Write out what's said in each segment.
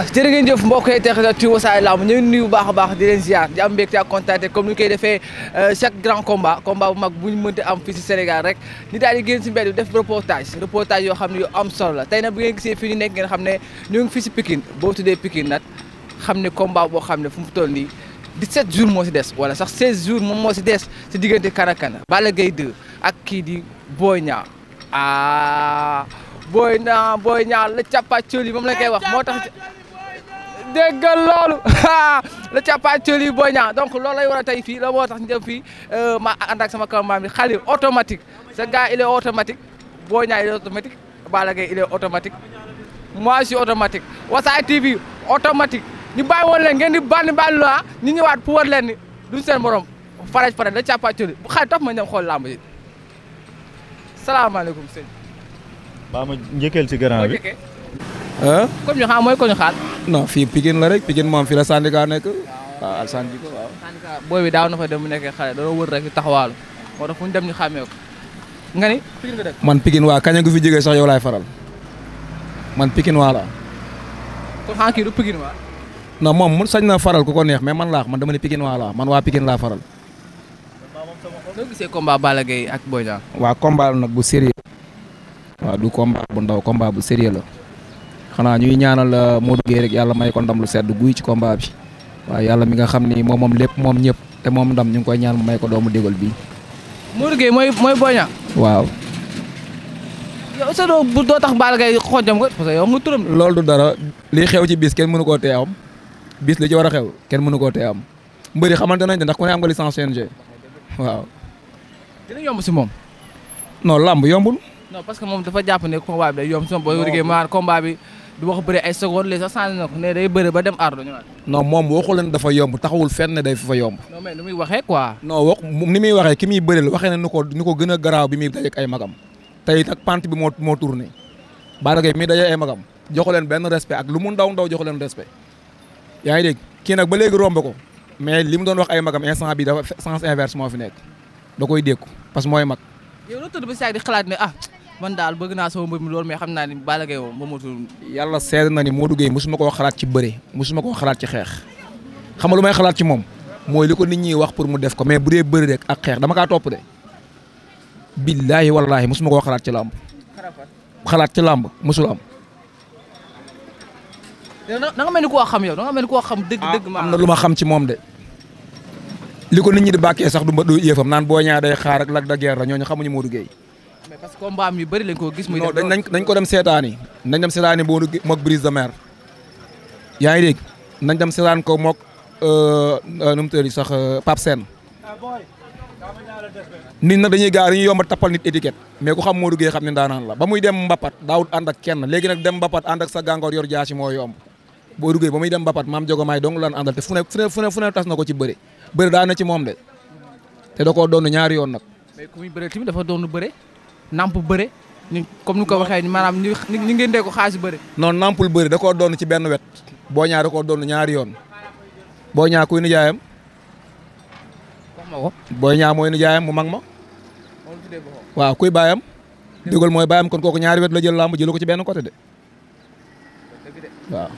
ayca jërë ngeen jëf mbokk internet yu Wassare Lamb ñu nuyu bu baax a baax di leen ziar di am mbégte ak kontaante comme ni ñu koy defee euh, chaque grand combat combat bu mag bu ñu mënti am fii si Sénégal rek ñu daal di génn si mbedd def reportage reportage yoo xam ne yu am solo la tey nag bu ngeen gisee fii ñu nekk ngeen xam ne ñu ngi fii si Pikine boo tuddee Pikine nag xam ne combat boo xam ne fu mu toll nii 17 jours moo si des wala sax 16 jours moom moo si des si diggante kan ak kan Balla kii di Boy Niang ah Boy Niang Boy Niang la cappaacoli moom la koy wax moo tax. déggal loolu la cappaacoli yi Boy Niang donc loolu lay war a tey fii la moo tax ñu dem fii euh, ma ànd sama cameraman bi Khalil automatique ce gars il est automatique Boy Niang il est automatique Balla Gaye il est automatique moi je suis automatique ñu bàyyi woon leen ngeen di bandi bandi laa ah, ñu ñëwaat pour war leen ni duñ seen morom faraj faraj la cappaacoli bu xale topp ma ñëw xool làmb bi. comme ñu xaar mooy ko ñu non fii Pikine la rek Pikine moom fii la syndicat nekk waaw syndicat waaw. bi daaw na dem mu nekkee xale doo wër rek taxawaalu moo tax fu ñu dem ñu xàmmee ko nga ni man Pikine waa kaña gu fi jógee sax yow laay faral man Pikine waa la. kon kii du Pikine waa. non moom mu sañ na faral ko ko neex mais man laax man dama ne Pikine waa la man waa Pikine laa faral. noo gisee combat Balla Gaye ak Boy waa combat nag bu sérieux. waaw du combat bu ndaw combat bu sérieux la. xanaa ñuy ñaanal euh, Modou Gueye rek yàlla may ko ndam lu sedd guy ci combat bi waaw yàlla mi nga xam ni moom moom lépp moom ñëpp te moom ndam ñu koy ñaan mu may ko doomu dégal bii. Modou Gueye mooy mooy Boy sa doo bu doo tax Balla Gaye xonjam ko a moom. non lamb yombul. non parce que moom dafa jàpp ne combat bi yomb si moom boo. waaw boo combat bi. du wax bëri ay secondes léegi sax changé na ko ne day bëri ba dem ardo ñu naan. non moom waxu leen dafa yomb taxawul fenn day fa yomb. non mais ni muy waxee quoi. non wax waxee ki muy bëril waxee na ni ko ni a garaaw bi muy dajeeg ay magam tey nag pente bi moo moo tourné Balla Gaye mi dajeeg ay magam joxu leen benn respect ak lu mu ndaw ndaw joxu leen respect yaa ngi dégg kii nag ba léegi romb ko mais li mu doon wax ay magam instant bi dafa sens inverse moo fi nekk da koy dékku parce que mooy mag. yow loo tëdd xalaat ne ah, man daal bëgg naa sama mbër mi loolu mais xam naa ni Balla Gaye moom moom matul yàlla seede na ni Modou Gueye mosuma koo xalaat ci bëre mosuma koo xalaat ci xeex xam nga lu may xalaat ci moom mooy li ko nit ñi wax pour mu def ko mais bu dee bëri rek ak xeex dama kaa topp de billaahi wallaahi mosuma koo xalaat ci làmb xalaat ci làmb mosul am da nga mel ni koo xam yow da nga mel koo xam dëgg dëgg ah, ma xam ci moom de li ko nit ñi di ma du naan boo ñaa xaar ak lak da guerre la ñooñu xamuñu moo Gueye mais parce que combat am yu bëri lañ ko gis. muy def non dañ dañ ko dem seetaani. nañ dem seetaani boo yaa ngi dégg nañ dem seetaan ko moog euh, euh, nu mu tëddee sax euh, Pape Sène. nit nag dañuy gaar dañuy yomba tappal nit étiquette mais ko xam Modou Gueye xam ne daanaan la ba muy dem Mbapat daawut ànd ak kenn léegi nag dem Mbapat ànd ak sa gàngoor yoor jaasi moo yomb Modou Gueye ba muy dem Mbapat maam jogo maay dong lan àndal te fu ne fu ne fu ne tas ko ci bëre bëre daa na ci moom de te da koo doon ñaari yoon nag. mais ku muy bëre. namp bëre ñu comme ni ko waxee maanaam ni ñu ngeen dee ko xaalis bëre. non nampul bëre da koo doon ci benn wet boo ñaar koo doon ñaari yoon boo ñaar kuy nijaayam. wax boo ñaar mooy mu mag ma. waaw kuy baayam. dëggal mooy baayam kon kooku ñaari wet la jël làmb jëlu ko ci benn côté de waaw.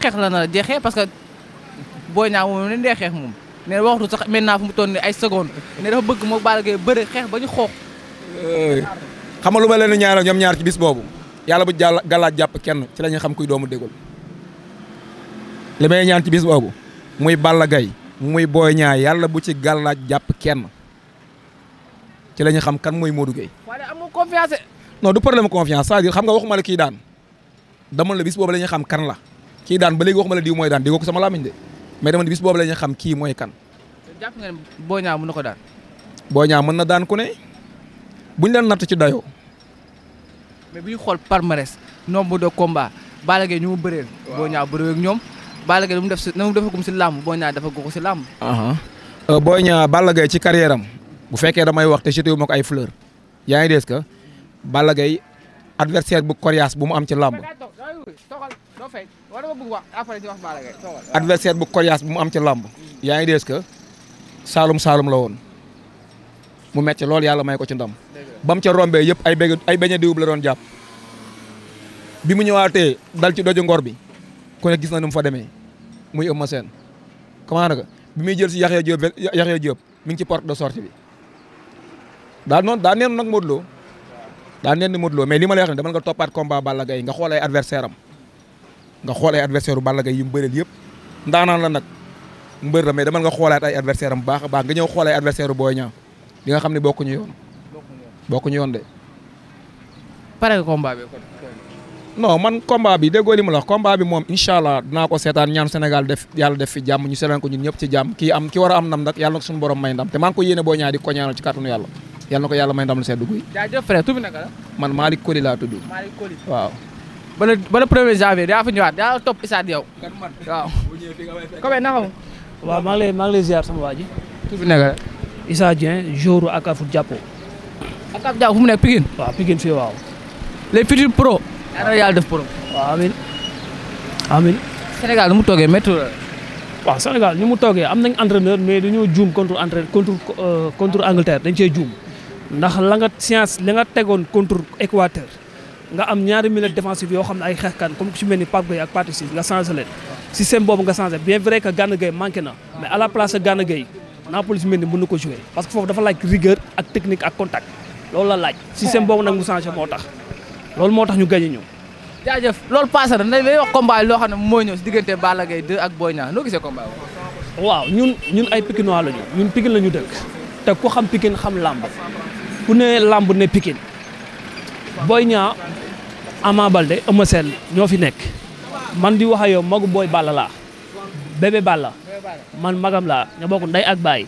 xeex la na jeexee parce que boo ñaar moom la xeex moom. ne waxtu sax naa fu mu toll nii ay seconde ne dafa bëgg moo Balla Gaye bëre xeex ba ñu xoox. xam nga lu ma leen di ñaanal ñaar ci bis boobu yàlla bu jàll galaaj jàpp kenn ci la ñuy xam kuy doomu dégul li boobu muy Balla Gaye muy Boy Niang yàlla bu ci galaaj jàpp kenn ci la ñuy xam kan mooy Modou Gueye. waaye amoo confiance. non du problème confiance c'est-à-dire xam nga waxuma la kii daan dama la bis boobu la ñuy xam kan la kii daan ba léegi waxuma la diw mooy daan déggoo ko sama lamiñ de. mais dama ne bis boobu la ñu xam kii mooy kan. boo ñaa mu Boy Niang mën na ko daan. Boy Niang mën na daan ku ne buñ leen natt ci dayoo. mais bu ñu xool palmarès nombre de combat Balla Gaye ñu mu bëreel. waaw ñoom. Balla Gaye lu mu def si nu mu defagum si làmb Boy Niang dafa si làmb. Uh-huh. Euh, boo Niang Balla Gaye ci carrière bu fekkee damay wax te jeté wu ma ay fleur yaa ngi des ka Balla Gaye adversaire bu coriace bu mu am ci làmb. adversaire bu coriace bu mu am ci làmb yaa ngi des que saalum saalum la woon mu metti loolu yàlla may ko ci ndam ba mu ca rombee yëpp ay bég ay beñe diwub la doon jàpp bi mu ñëwaatee dal ci doju ngor bi ko ne gis na nu mu fa demee muy ëmma seen comment bi muy jël si Yaxya Diop Yaxya Diop mi ngi ci porte de sortie bi daa noon daa neen nag Modou loo daa neen ni Modou Lo mais li ma lay wax ne dama nga toppaat combat Balla Gaye nga xool ay adversaire nga xool ay adversaire u Balla Gaye yi mu yëpp ndaanaan la nag mbër la mais dama nga xoolaat ay adversaire bu baax a baax nga ñëw xool ay adversaire u Boy nga xam ne bokkuñu yoon bokkuñu yoon de pare combat bi kon non man combat bi déggoo li mu la combat bi moom incha allah dinaa ko seetaan ñaan Sénégal def yàlla def fi jàmm ñu seetaan ko ñun ñëpp ci jàmm ki am ki war a am ndam nag yàlla na ko suñu borom may ndam te maa ngi ko yéene boo ñaari di ko ñaanal ci kàttanu yàlla yàlla na ko yàlla may ndam lu sedd guy. jaajëf frère tubi naka la. man Malick Koli laa tudd. waaw. bala bala premier janvier daa fa ñëwaat daa topp isaat yow. kan man waaw. Kobé naka mu. waaw maa ngi lay maa ngi lay ziar sama waa ji. ki fi nekk rek. Issa Dieng Joru ak Afou Diapo. ak Afou Diapo fu mu nekk pro. yàlla yàlla def pro. toogee métti la. waaw Sénégal mu toogee am nañ entraîneur mais dañoo juum contre entraîne contre euh, contre Angleterre dañ cee juum ndax la nga science la nga tegoon contre Équateur. nga am ñaari milieu défensif yoo xam ne ay xeexkan comme ku ci mel ni Pape Gueye ak Pathé Ciss nga changé leen système boobu nga changé bien vrai que Gana Gueye manqué na mais à la place Gana Gueye Nampalys Mendy mën na ko jouer parce que foofu dafa laaj rigueur ak technique ak contact loolu la laaj système boobu nag mu changé moo tax loolu moo tax ñu gagné ñu jaajëf loolu passé na dañ lay wax combat loo xam ne mooy ñëw si diggante Balla Gaye 2 ak Boy Niang noo gisee combat la ñu dëkk te ku xam Pikine xam làmb ku ne làmb ne Pikine Boy Niang Ama Baldé Eumeu Sène ñoo fi nekk man di wax yow magu booy bala laa bébé Balla man magam laa ñoo bokk ndey ak baay.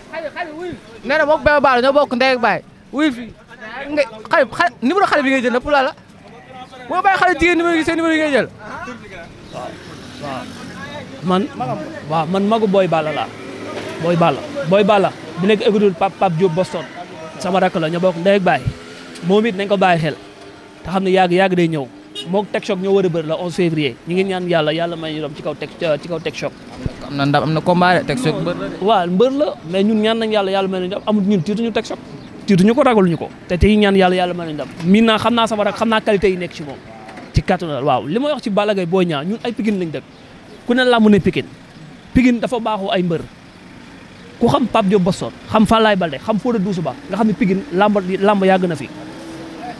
nee na moom bébé Balla ñoo bokk ndey ak baay wuyu fii nga xale xale numéro xale bi ngay na pour la la boo bàyyi xale jigéen numéro seen numéro yi ngay man. waaw man magu booy Balla laa booy bala booy Balla bi nekk écurie Pape Pape Diop Boston sama rakk la ñoo bokk ndey ak baay moom it nañ ko bàyyi xel te xam ne yàgg yàgg day ñëw. moog Tek Choc ñoo war a bëri la 11 février ñu ngi ñaan yàlla yàlla may ñu doom ci kaw Tek ci kaw Tek Choc. am na ndam am waaw mbër la mais ñun ñaan nañ yàlla yàlla may ñu ndam amul ñun tiituñu Tek Choc tiituñu ko ragaluñu ko te tey ñaan yàlla yàlla may ñu ndam miin naa xam xam naa qualité yi nekk ci moom ci kattanal waaw li may wax ci Balla Gaye Boy Niang ñun ay Pikine lañ dëkk ku ne làmb ne Pikine Pikine dafa baaxoo ay mbër ku xam Pape Diop Boston xam Falaye Balde xam Fodé Doussouba nga xam ne Pikine làmb làmb yàgg na fi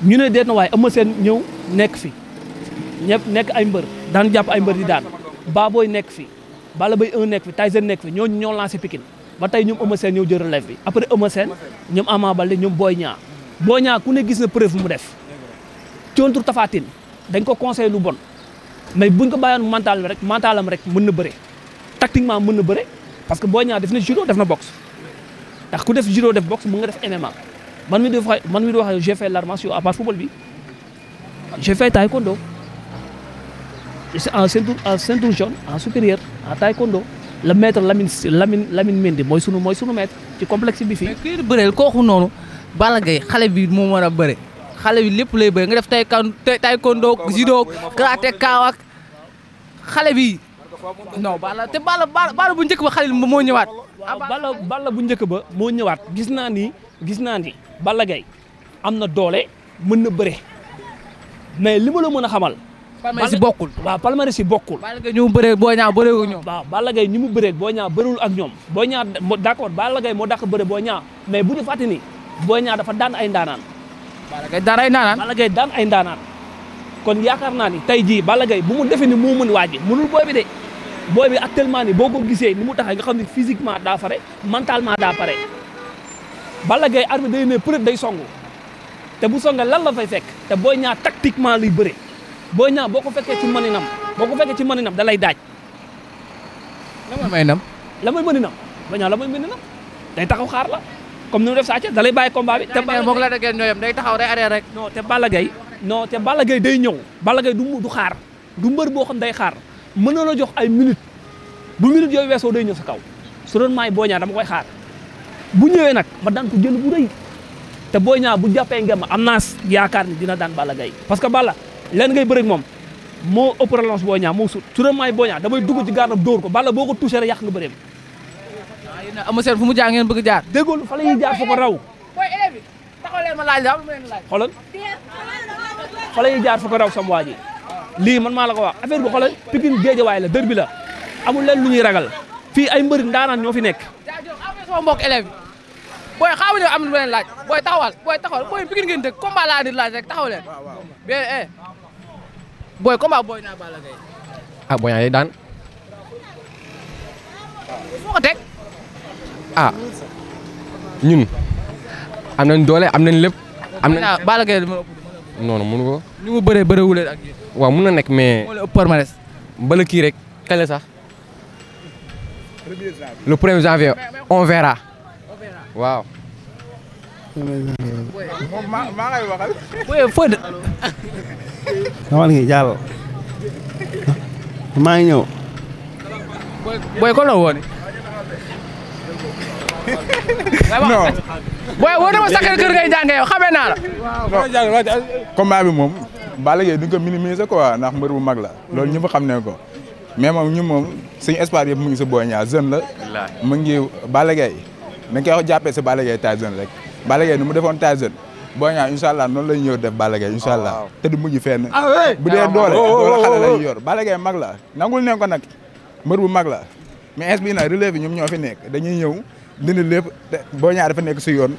ñu ne deet na waaye Eumeu Sène ñëw nekk fi ñëpp nekk ay mbër daan jàpp ay mbër di daan Baboy nekk fi bala Gaye 1 nekk fi Tyson nekk fi ñooñu ñoo lancé Pikine ba tey ñoom Eumeu Sène ñoo jël bi après Eumeu Sène ñoom Ama Baldé ñoom Boy Niang Boy Niang ku ne gis na preuve mu def contre Tapha Tine dañ ko conseillé lu bon mais buñ ko bàyyoon mental rek mentalam rek mën na bëre tactiquement mën na bëre parce que Boy ñaa def na judo def na boxe ndax ku def juróo def boxe mën nga def MMA man mi di wax man mi di wax j'ai fait l'armation à part football bi j'ai fait en ceinture en ceinture jaune en supérieur en taekwondo le maître Lamine Lamine Lamine Mendy mooy sunu mooy sunu maître ci complexe bi fii. mais kuy bëreel kooku noonu. Balla Gaye xale bi moo mar a bëre xale bi lépp lay bëre nga def tay taekwondo judo karaté kaawaak xale bi non Balla te Balla Balla bu njëkk ba xale bi moo ñëwaat. Balla Balla bu njëkk ba moo ñëwaat gis naa ni gis naa ni Balla Gaye am na doole mën na bëre mais li ma la mën a xamal. palmarès yi bokkul waaw palmarès yi bokkul Balla Gaye ñu mu bëree Boy Niang bëree ak ñoom waaw Balla Gaye ñi mu bëree Boy Niang bëriwul ak ñoom Boy Niang d'accord Balla Gaye moo dàq bëre Boy Niang mais bu ñu fàtte ni Boy Niang dafa daan ay daanaan Balla Gaye daan ay ndaanaan Balla Gaye ndaanaan kon yaakaar naa ni tey jii Balla Gaye bu mu defe ni moo mën waa ji mënul booy bi de booy bi ni boo ko gisee ni mu taxee nga xam ne physiquement daa pare mentalement daa pare Balla Gaye arme day ne peut day song te bu songee lan la fay fekk te boo Niang tactiquement luy bëre boo Niang boo ko fekkee ci nam boo ko fekkee ci mëninam da lay daaj. la may nam la may mëninam Boy Niang la may mëninam day taxaw xaar la comme ni mu def saa da lay bàyyi combat te Balla Gaye la dëggee ñooyam day taxaw day aree rek. non te Balla Gaye non te day ñëw Balla Gaye du du xaar du mbër boo xam day xaar mën na la jox ay minutes bu minutes yooyu weesoo day ñëw sa kaw su doon maay Boy Niang dama koy xaar bu ñëwee nag ma daan ko jël bu rëy te boo Niang bu jàppee ngeen ma am yaakaar ni dina daan Balla Gaye parce que Balla leen ngay bëri moom moo ëpp boo ñaa moo sut suramaay boo ñaa damay dugg ci gàrdab dóor ko bala boo ko touché rek yàq nga bëreem ama seen fu mu jaar ngeen bëgg jaar déggoolu fa la ñuy jaar fa ko raw xoolal fa la ñuy jaar fa ko raw sam waa ji lii man maa la ko wax affaire bi xoolal Pikine Géejawaay la dër bi la amul leen lu ñuy ragal fii ay mbëri ndaanaan ñoo fi nekk sama mbokk élève booy xaaw ne am leen laaj booy taxawal booy taxawal booy Pikine ngeen dëkk combat laa di laaj rek taxaw leen eh. booy combat boy naa Balla Gaye. ah booy daan. foo ñun am nañ doole am nañ lépp. am na Balla Gaye mën a non non mënu mu bëree bëree wuleen ak mun na nekk mais. moo la ëpp rek kañ le premier janvier on maa maa ngay waxal. oui foo de. xamal ngi ñëw. booy booy ko booy woo kër ngay jàngee yow xamee naa la. waaw combat bi moom. Balla Gaye duñ ko minimiser quoi ndax mbër bu mag la. lool ñëpp xam ne ko. mais moom ñu moom suñu espoir yëpp mu ngi si Boy Niang jeune la. mu ngi Balla Gaye. nañ koy jàppee si Balla Gaye taay rek. Balla Gaye ni mu defoon Tyson Boy Niang incha allah noonu lay ñëw def Balla Gaye incha allah te du mujj fenn ah, bu dee ah, doole oh, oh, doole xale oh, lay yor Balla Gaye mag la nangul ne ko nag mbër bu mag la mais ins bi nag relève bi ñoom ñoo fi nekk dañuy ñëw dindi lépp Boy Niang dafa nekk si yoon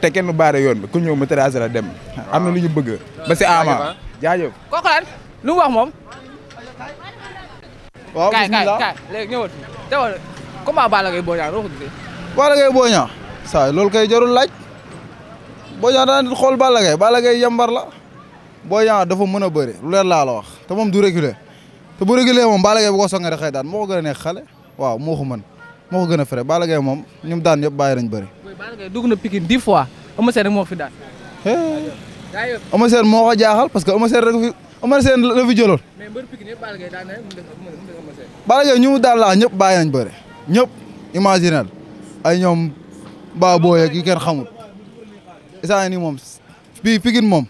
te kenn du baare yoon bi ku ñëw mu la dem am na lu ñu bëgg ba si ama jaajëf ah. kooku lan lu mu moom waaw kaay kaay kaay saa loolu kay jarul laaj Boy Niang daan xool Balla Gaye Balla yambar la Boy Niang dafa mën a bëri lu leer laa la wax te moom du reculer te bu reculer moom Balla Gaye bu ko songee daan moo ko gën a waaw moo ko mën moo gën a fere moom ñum daan yëpp bàyyi nañ bëri. dugg na Pikine dix fois Eumeu Sène rek moo fi daan. Eumeu Sène moo ko jaaxal parce que Eumeu Sène rek fi la fi jëloon. mais mbër Pikine yëpp daan na Balla Gaye ñu ñëpp bàyyi nañ bëri ñëpp imaginal ay ñoom baa booy ak instant nii moom fii Pikine moom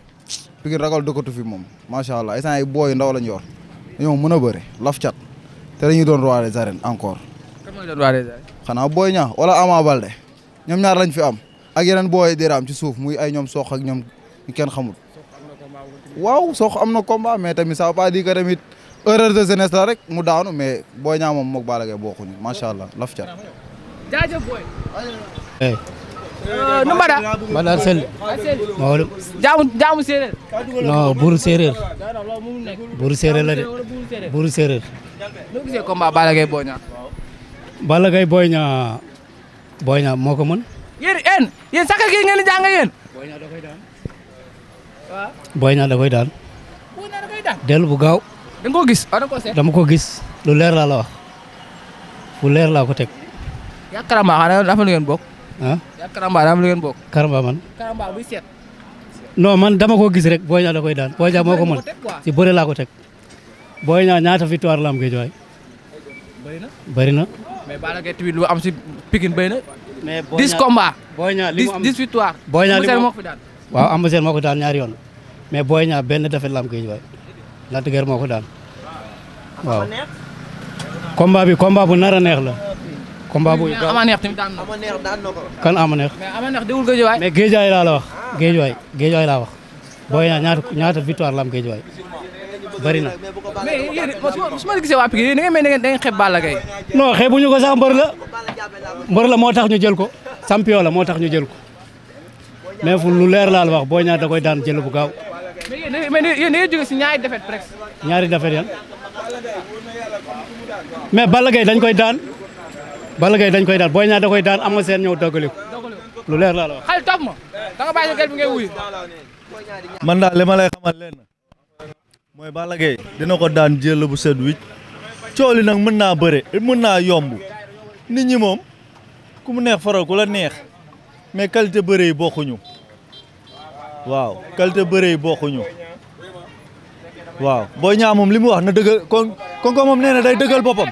Pikine ragal dëkkatu fi moom macha allah instant yi booy ndaw lañ yor dañoo mën a bëre laf cat te dañuy doon roi des encore. kan mooy doon xanaa booy ñaa wala Ama Balde ñoom ñaar lañ fi am ak yeneen boy di raam ci suuf muy ay ñoom sox ak ñoom kenn xamul. waaw sox am na combat mais tamit ça veut pas tamit erreur de jeunesse rek mu daanu mais booy ñaa moom moog Balla Gaye bokkuñu macha allah laf cat. Euh, nu mbaɗa mbaɗa selli mawɗum jamu jamu séréer non buuru séréer buuru séréer la de buuru séréer nu gisee combat Balla Gaye Boy Niang Balla Gaye moo ko mën yéen en yéen sakka gi ngeen di yéen Boy Niang koy daan waaw dellu bu gaaw da koo gis ah, dama ko gis lu leer laa la wax leer laa ko teg yaakaar naa bokk ah. Karamba daa am lu ngeen man. Karamba dama ko gis rek Boy Niang da koy daan Boy Niang moo ko mën si bëre laa ko teg. Boy Niang ñaata fi la am Guédiawaye. bëri na bëri na. mais Balla Gaye na. mais Boy Niang 10 combats. Boy Niang li mu moo ko daan. ñaar yoon mais Boy ñaa benn defet la am Guédiawaye. Lac de moo ko daan waaw. combat bi combat bu nar a neex la. combat bu gaaw ama neex tamit daan na ko. kan ama neex. mais ama neex wax géej waay géej waay laa wax booy ñaata victoire la am géej waay bari na. mais yéen su ma gisee waa Pikine yéen da ngeen mel ne da ngeen xeeb Balla Gaye. non ko sax mbër la mbër la moo tax ñu jël ko champion la moo tax ñu jël ko mais fu lu leer laa la wax booy ñaar da koy daan jël bu gaaw. mais yéen da ñaari défaite presque. yan mais Balla Gaye dañ koy daan. Balla Gaye dañ koy daan Boy Niang da koy daan Ama Sène ñëw dogali ko lu leer laa la wax. topp ma da nga bàyyi bi ngay wuyu. man daal li ma leen mooy Balla Gaye dina ko daan jël bu set wicc nag mën naa bëre mën naa yomb nit ñi moom ku mu neex faral ku la neex mais qualité bëre yi bokkuñu waaw qualité bëre yi bokkuñu waaw Boy Niang moom li mu wax na dëggal kon kon moom nee na day dëggal boppam.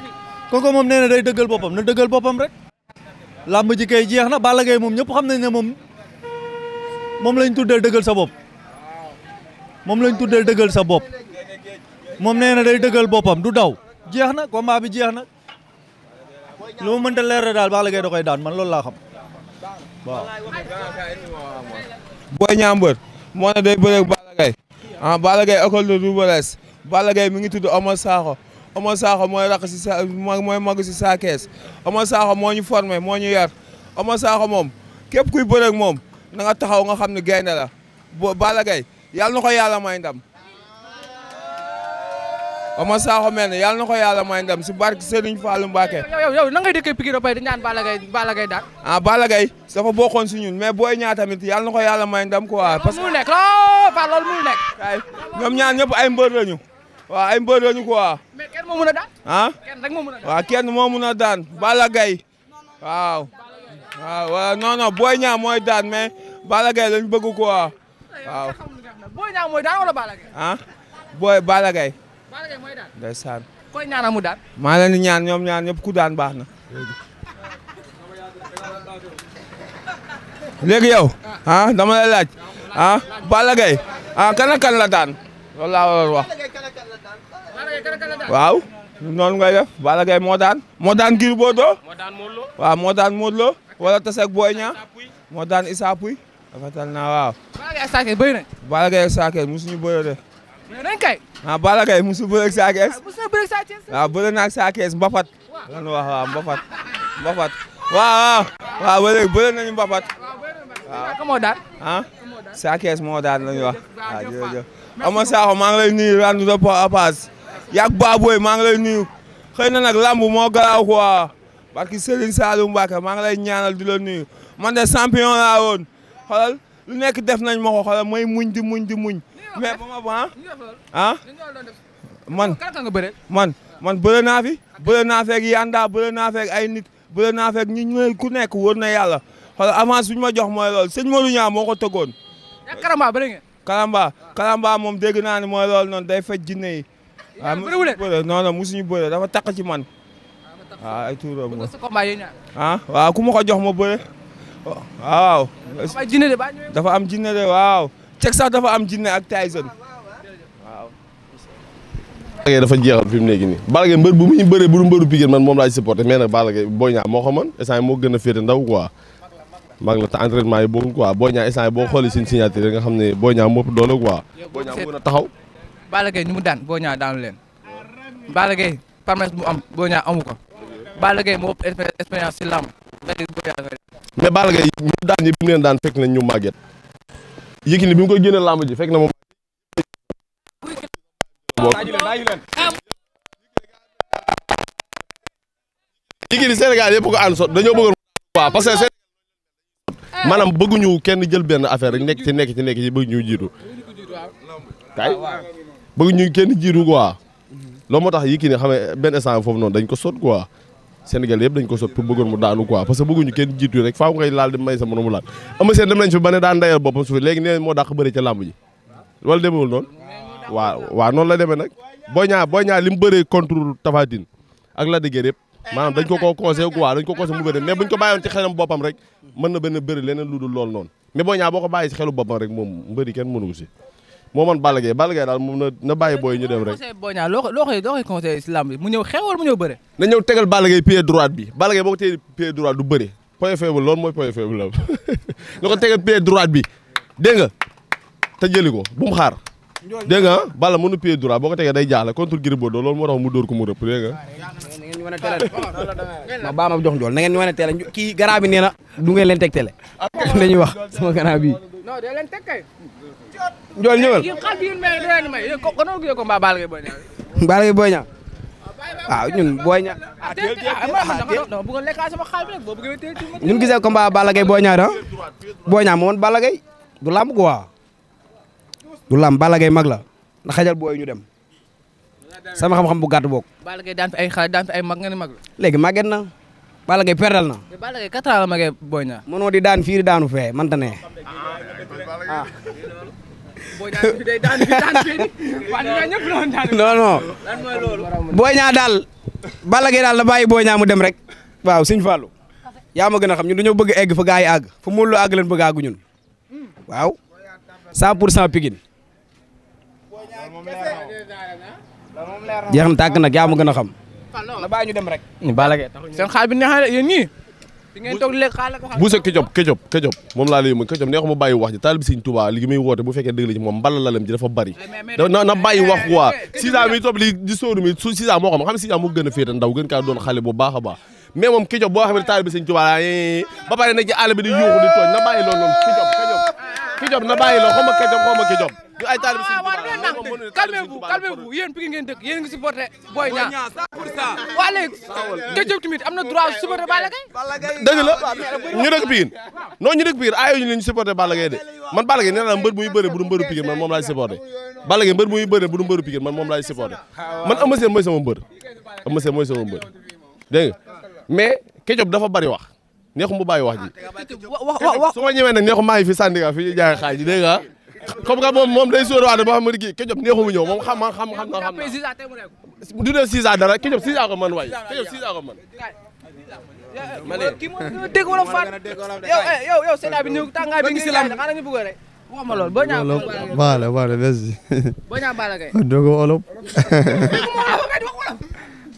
kooku moom nee na day dëggal boppam na dagal boppam rek lamb ji kay jeex na Balla Gaye moom ñëpp xam nañ ne moom lañ tuddee dëggal sa bopp moom lañ tuddee dëggal sa bopp moom nee na day dëggal boppam du daw jeex na combat bi jeex na lu mu mënta leer daal Balla Gaye da daan man loolu laa xam waaw. Boy Niang mbër moo ne day bëreeg Balla Gaye ah Balla mi ngi tudd Omar Sakho. Omar Sakho mooy rakk si mooy mag si saa kes Omar Sakho moo ñu formé moo ñu yar Omar Sakho moom képp kuy bëreeg moom na nga taxaw nga xam ne gaynde la boo Balla Gaye yàlla na ko yàlla may ndam. Omar Sakho mel ne yàlla na ko yàlla may ndam si barke Serigne Fallou Mbacké. yow yow na ngay dëkkee Pikine ba pare di ñaan Balla Gaye Balla Gaye daal. ah Balla Gaye dafa bokkoon si mais booy ñaa tamit yàlla na ko yàlla may ndam quoi. parce que loolu muy nekk lool ñëpp ay mbër lañu. waaw ay mbër lañu quoi. a daan. ah kenn rek moo mën a daan. waaw kenn moo mën a daan Balla Gaye waaw. waaw non non daan mais Balla Gaye lañu bëgg quoi waaw. Boy Niang mooy daan wala daan. ndeysaan. koy ñaanal mu daan. maa di ñaan ñoom ñaan ñëpp ku daan baax na. léegi yow ah laa war waaw noonu ngay def Balla Gaye moo daan moo daan Gris Bordeaux waaw moo daan Modou Lo wala tase ak Boy Niang moo daan Issa Pouye dafatal naa waaw Balla Gaye ak Sa Thiès musuñu bëre de ah Balla Gaye musu bëre ak Sa Thiès waaw ah, bëre ah, na ak Sa Thiès mbapat lan wax waaw mbapat mbapat waaw waaw waaw bëre nañu mbapat waaw ah Sa Thiès moo daan lañu wax waaw jërëjëf ah, Ama Sakho maa ngi lay nuyu rendu de pas yaag Baboy maa ngi lay nuyu xëy na nag lamb moo garaaw quoi barki Serigne Saliou Mbacké maa ngi lay ñaanal di la nuyu man de champion laa woon xoolal lu nekk def nañ ma ko xoolal mooy muñ di muñ di muñ mais ba ma ba ah, ah? man man man bëre naa fi bëre naa feeg yanda bëre naa feeg ay nit bëre naa ku nekk wër na yàlla xoolal avance bi ñu ma jox mooy loolu sëñ Modou Karamba Karamba moom dégg naa ne mooy loolu noonu day faj jinne waaw ah, musuñu bëre non non musuñu dafa taq ci man. waaw ah, ay tuuram nga ah waaw ku ma ko jox ma bëre. Ah, waaw. dafa am jinne de waaw. ceg sax dafa am jinne ak Tyson. waaw. Balla Gaye dafa jeexal fi mu nekk nii Balla Gaye mbër bu muy bëree bu mbëru Pikine man moom laay supporté mais nag Balla Gaye Boy Niang moo ko moo gën a féete ndaw quoi. mag la te entraînement yi bokkul boo Boy Niang instant boo xoolee seen signature nga xam ne boo Niang moo doole quoi. Boy Niang mën a taxaw. Balla Gaye ñu mu daan Boy Niang daanu leen Balla Gaye palmarès bu am Boy Niang amu ko Balla Gaye moo expérience ci làmb mais Balla Gaye ñu daan ñi bi leen daan fekk nañ ñu màgget Yékini bi mu koy génne làmb ji fekk na moom Yékini Sénégal yëpp ko ànd sot dañoo bëggoon waaw parce que maanaam bëgguñu kenn jël benn affaire rek nekk ci nekk ci nekk ci bëgg ñu jiitu kay ah, bëgg ñu kenn jiitu quoi loolu moo tax Yékini xam ne benn instant foofu noonu dañ ko sot quoi Sénégal yëpp dañ ko sot pour bëggoon mu daanu quoi parce que bëgguñu kenn jiitu rek faaw ngay laal di may sa moromu laal ama seen dem nañ fi ba ne daan ndayal boppam suuf léegi nee moo dàq bëri ca làmb ji wala demee nag Boy Niang Boy Niang li mu dañ ko koo conseillé dañ ko conseillé mu bëri mais buñ ko bàyyoon ci xelam boppam rek mën na benn bëri leneen lu dul loolu noonu mais Boy Niang boo ko bàyyi ci xelu boppam rek moom mbëri kenn moo man Balla Gaye Balla Gaye daal moom na bàyyi booy ñu dem rek loo koy loo koy conseillé si lamb mu ñëw xew wala mu ñëw bëre na ñëw tegal Balla Gaye pied droite bi Balla Gaye boo ko tegee na ko tegal pied droite bi dégg nga te jëli ko bu mu xaar dégg nga Balla mënu pied droite boo ko tegee day jaaxle contre Gris Bordeaux loolu moo tax mu dóor ko mu rëpp dégg nga ma baa ma jox njool na ngeen a teel kii garab bi nee na du ngeen leen teg tele ñu wax sama garab bi non dee Njool ñëwal Balla Gaye Boy Niang waaw ñun Boy Niang ñun gisee combat Balla Gaye Boy Niang da Boy Niang moo woon Balla Gaye du làmb quoi du làmb Balla Gaye mag la na xajal booy ñu dem sama xam-xam bu gàtt boog. Balla Gaye daan fi ay xale daan fi ay mag nga ne mag la. léegi màgget na Balla Gaye perdal na. mais Balla Gaye quatre ans la magee Boy Niang. mënoo di daan fii di daanu fee mënta ne ah. non non ñaa daal bala daal la bàyyi booy ñaa mu dem rek waaw Sëñ Fallou yaa ma gën a xam ñun dañoo bëgg egg fa gaa yi àgg fa Modou Lo àgg leen bëgg àggu ñun waaw 100 pour cent Pikine jeex na tàgg nag gën a xam la bàyyi ñu dem rek seen xaal bi neex na yéen ñii ngeen toog lekk moom laa lay mën këjop neexu ma wax ji taalibi Sëriñ Tuubaa li muy woote bu fekkee dëgg moom mbala lalam ji dafa bari na na wax quoi Sisa mi topp li di sóoru mi moo xam xam Sisa moo gën a féete ndaw gën kaa doon xale bu baax a baax mais moom këjop boo xam ne taalibi Sëriñ Tuubaa eh, ba pare na ci àll di yuuxu di tooñ na bàyyi loolu noonu ki na bàyyi la xaw ma ki job xaw ma ki ñu ay taalib si ah, waaw waaw nag calmez vous calmez vous yéen Boy Niang waa léegi te job am na droit supporté Balla Gaye dëgg la ñu dëkk Pikine non ñu dëkk Pikine aayuñu li ñu supporté Balla Gaye de man Balla Gaye nee naa mbër muy bëre bu du mbëru Pikine man moom laay supporté Balla Gaye mbër muy bëre bu du mbëru Pikine man moom laay supporté man Eumeu Sène mooy sama mbër Eumeu Sène mooy sama mbër dégg nga mais ki job dafa bari wax neexum bu bàyyi wax ji. Ah, wax su ma ñëwee nag neexum maa ngi fi Sandaga fi ñuy jaay xaaj ji dégg nga comme que moom moom day sóor waat boo xam ne kii Ketchup neexu mu ñëw moom xam man xam xam naa xam naa. du dee 6 ans dara Ketchup 6 ans ko mën waaye Ketchup 6 ans ko mën. ma ne kii moom dégg wala faat eh, yow yow yow Sénégal bi ñëw tàngaay bi ngi si lan xanaa ñu bëgg rek. wax ma loolu boo ñaax baale baale merci. boo ñaax baale kay. doo ko olof.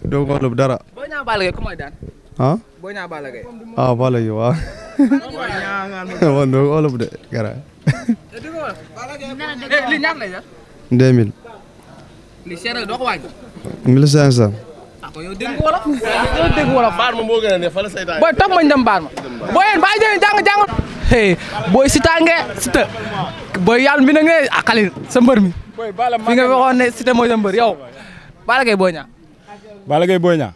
doo ko olof dara. boo ñaax baale kay ku may daan. ah. Boy Niang Balla Gaye ah Balla Gaye waaw man do olof de gara li ñaar lay jar deux mille li cher do ko wàññi mille cinq cent ah, yow dégg wala dégg wala baar ma moo gën a ne fa la saytaan booy topp mañ dem baar ma booy yéen bàyyi jëlee jàng jàng booy Siteu nge Siteu booy yàlla bi na nge akali ah, sa mbër mi fi nga waxoon ne Siteu mooy sa mbër yow Balla Gaye Boy Niang Balla Gaye Boy Niang